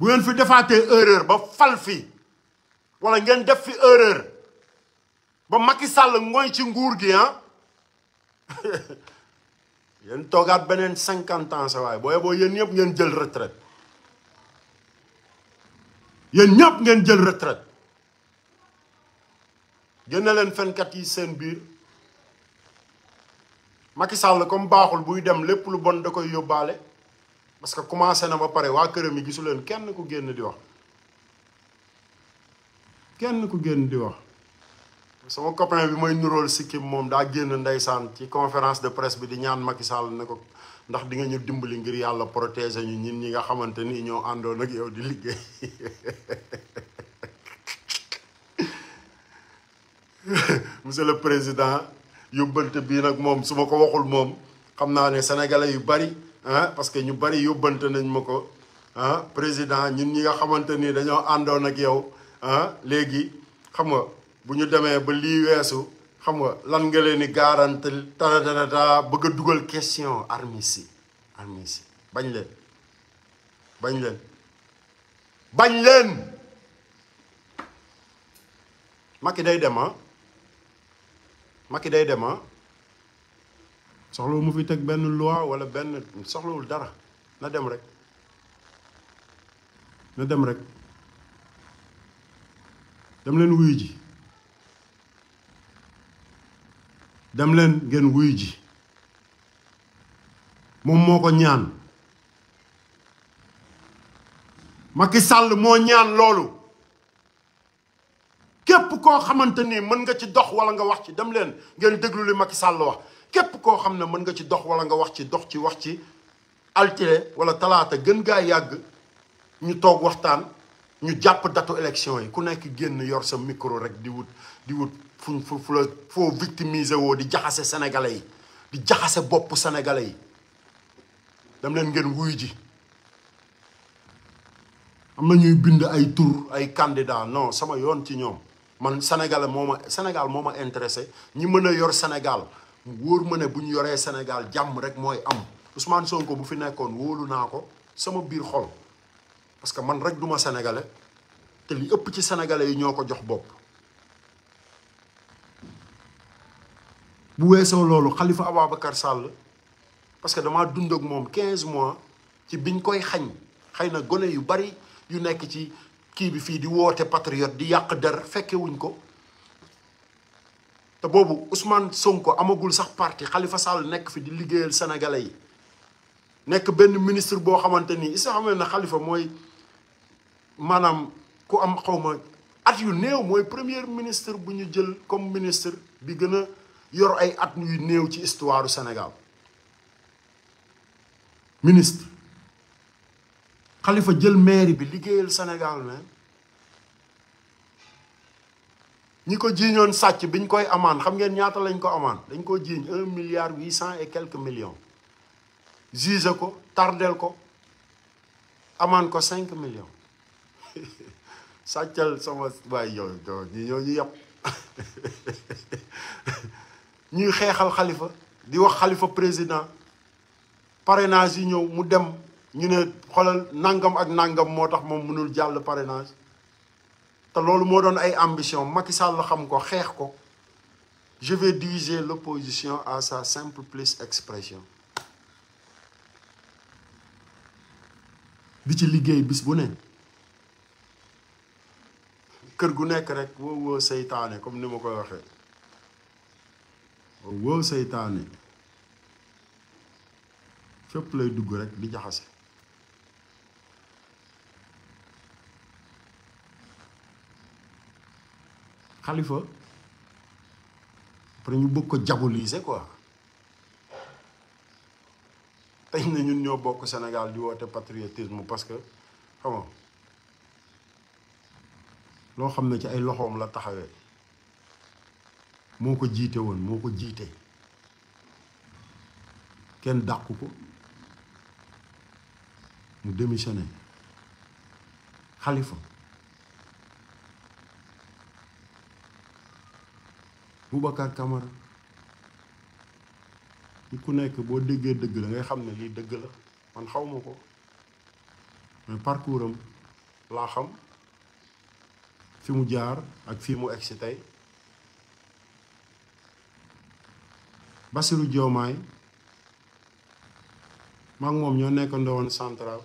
bu ngeen fi defaatee erreur ba fal fi wala ngeen def fi erreur ba Macky Sall ngooy ci nguur gi ah yéen toogaat beneen cinquante ans sa waaye boo yéen ñëpp ngeen jël retraite yéen ñëpp ngeen jël retrait génne leen fenkat yi seen biir Macky Sall comme baaxul buy dem lépp lu bon da koy yóbbaale parce que commencé na ba pare waa këram yi gisu leen kenn ku génn di wax kenn ku génn di wax sama copain bi may nurool sikkim moom daa génn ndeysaan ci conférence de presse bi di ñaan Macky Sall ne ko ndax di ñu dimbali ngir yàlla protéger ñu ñin ñi nga xamante ni ñoo àndoon ak yow di liggéey monsieur le président yóbbante bii nag moom su ma ko waxul moom xam naa ne sénégalais yu bari ah parce que ñu bari yóbbante nañ ma ko ah président ñun ñi nga xamante ni dañoo àndoon ak yow léegi xam nga bu ñu demee ba lii weesu xam nga lan nga leen di garanti tara tara bëgg a dugal question armistice si bañ leen bañ leen bañ leen maki day dem maki day dem soxlawul mu fi teg benn loi wala benn soxlawul dara na dem rek na dem rek dem leen wuyu dem leen ngeen wuyu ji moom moo ko ñaan Macky sàll moo ñaan loolu képp koo xamante ni mën nga ci dox wala nga wax ci dem leen ngeen déglu li Macky Sall képp koo xam ne mën nga ci dox wala nga wax ci dox ci wax ci altine wala talaata gën gaa yàgg ñu toog waxtaan ñu jàpp datu élection yi ku nekk génn yor sa micro rek di wut di wut fuñ fu fu la foo victimiser woo di jaxase sénégalais yi di jaxase bopp sénégalais yi dem leen ngeen wuyu ji am na ñuy bind ay tur ay candidat non sama yoon ci ñoom man sénégalais moo ma Sénégal moo ñi mën a yor Sénégal wóor ma ne bu ñu yoree Sénégal jàmm rek mooy am Ousmane Sonko bu fi nekkoon wóolu naa ko sama biir xol parce que man rek duma sénégalais te li ëpp ci sénégalais yi ñoo ko jox bopp. bu weesoo loolu Khalifa Ababacar sàll parce que damaa dund ak moom 15 mois ci biñ koy xañ xëy na gone yu bari yu nekk ci kii bi fii di woote patriote di yàq der fekkewuñ ko. te boobu Ousmane Sonko amagul sax parti xalifa Sall nekk fi di liggéeyal sénégalais yi nekk benn ministre boo xamante ni isa xam na Khalifa mooy maanaam ku am xawma at yu néew mooy premier ministre bu ñu jël comme ministre bi gën a yor ay at yu néew ci histoire du Sénégal ministre xalifa jël mairie bi liggéeyal Sénégal ñi ko jiiñoon sàcc bi biñ koy amaan xam ngeen ñaata lañ ko amaan dañ ko jiiñ un milliard huit cent et quelques millions juge ko tardel ko amaan ko cinq million sàccal sama waaye yow ñi ñoo ñu yàpp ñuy xeexal xalifa di wax xalifa président parrainage yi ñëw mu dem ñu ne xoolal nangam ak nangam moo tax moom mënul jàll parrainage te loolu moo doon ay ambition Macky Sall la xam ko xeex ko je vais diriger l'opposition à sa simple plus expression di ci liggéey bis bu ne kër gu nekk rek woo woo seytaane comme ni ma koy waxee woo woo seytaane fépp lay dugg rek di jaxase xalifa après ñu bëgg ko diaboliser quoi tey na ñun ñoo bokk senegal di woote patriotisme parce que xam loo xam ne ci ay loxoom la taxawee moo ko jiite woon moo ko jiite kenn dàqu ko mu démissionné xalifa Boubacar Camara ku nekk boo déggee dëgg la ngay xam ne lii dëgg la man xaw ma ko mais parcours laa xam fi mu jaar ak fi mu egsi tey Bassirou Diomaye maa ngi moom ñoo nekk ndowoon central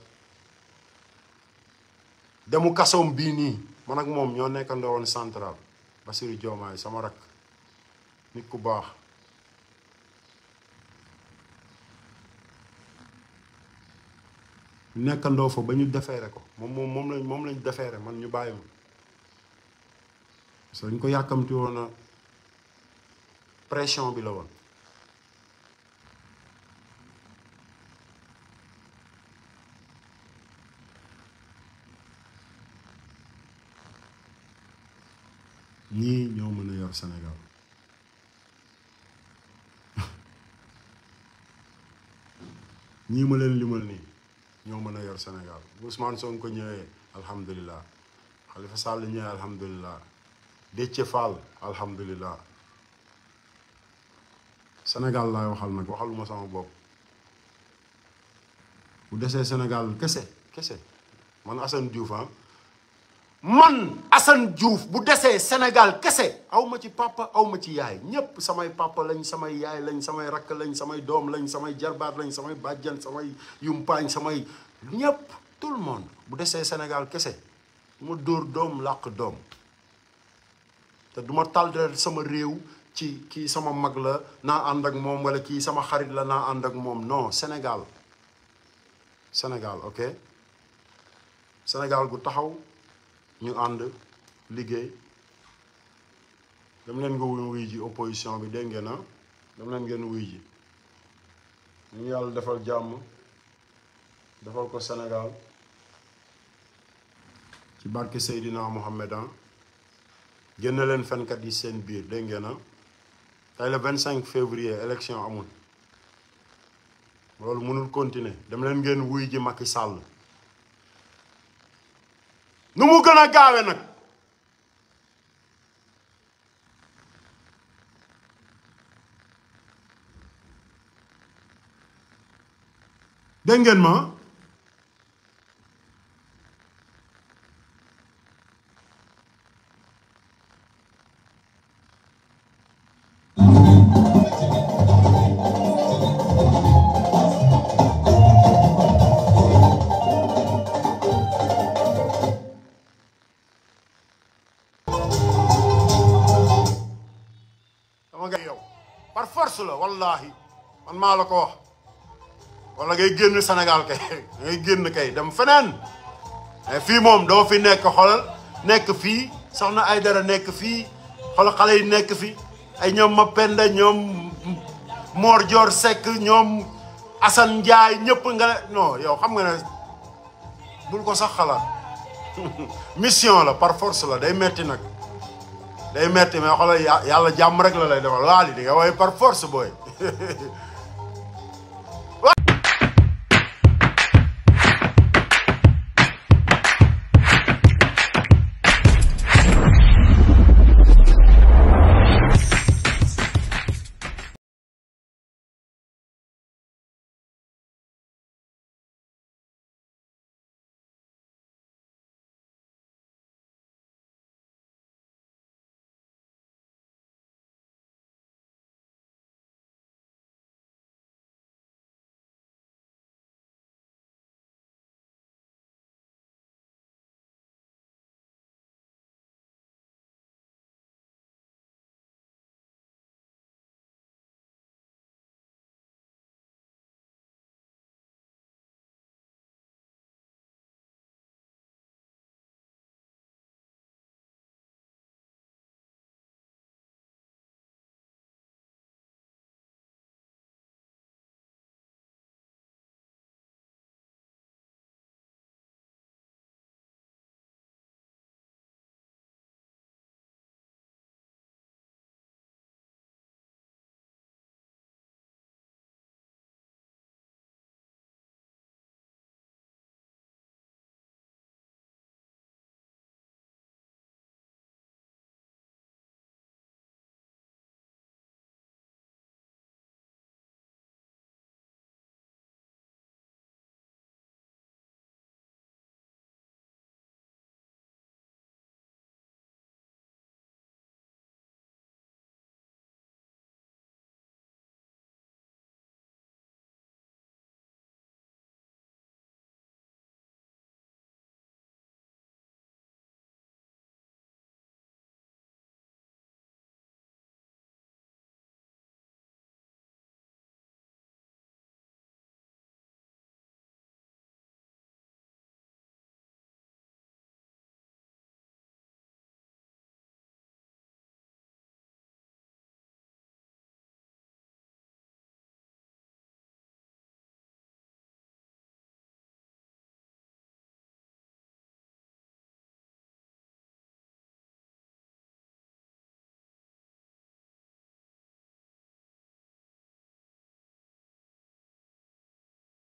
demu kasoom bii nii man ak moom ñoo nekk ndowoon central Bassirou Diomaye sama rakk nit ku baax nekkandoo fa ba ñu defeere ko moom moom moom lañ moom lañ defeere man ñu bàyyiwul parce que dañ ko yàkkamti woon a pression bi la woon ñii ñoo mën a yor Sénégal ñii ma leen limal nii ñoo mën a yor Sénégal bu Ousmane Sonko ñëwee alhamdulilah Khalifa Sall ñëwee alhamdulilah Déthié Fall alhamdulilah Sénégal laay waxal nag waxaluma sama bopp bu desee Sénégal kese kese man Assane Diouf ah. man Assane Diouf bu desee Sénégal kese awma ci papa awma ci yaay ñépp samay papa lañ samay yaay lañ samay rakk lañ samay doom lañ samay jarbaat lañ samay bàjjan samay yumpaañ samay ñépp tout le monde bu desee Sénégal kese mu dóor doom làq doom te duma tàldal sama réew ci kii sama mag la naa ànd ak moom wala kii sama xarit la naa ànd ak moom non senegaal Sénégal ok gu taxaw ñu ànd liggéey dem leen nga wuy ji opposition bi dégg na ah? dem leen ngeen wuy ji ñu yàlla defal jàmm defal ko Sénégal ci barke Seydina Mohamedan ah. génne leen fenkat yi seen biir dégg ngeen ah? tey le cinq février élection amul loolu mënul continuer dem leen ngeen wuy ji Macky Sall nu mu gën a gaawe nag dégg ma ngay génn Sénégal kay da génn kay dem feneen mais fii moom doo fi nekk xoolal nekk fii soxna ay dara nekk fii xoolal xale yi nekk fi ay ñoom ma penda ñoom Mor Dior Seck ñoom Assane Ndiaye ñëpp nga non yow xam nga ne bul ko sax xalaat mission la par force la day metti nag day metti mais xoolal yàlla jàmm rek la lay defal laal di nga waaye par force booy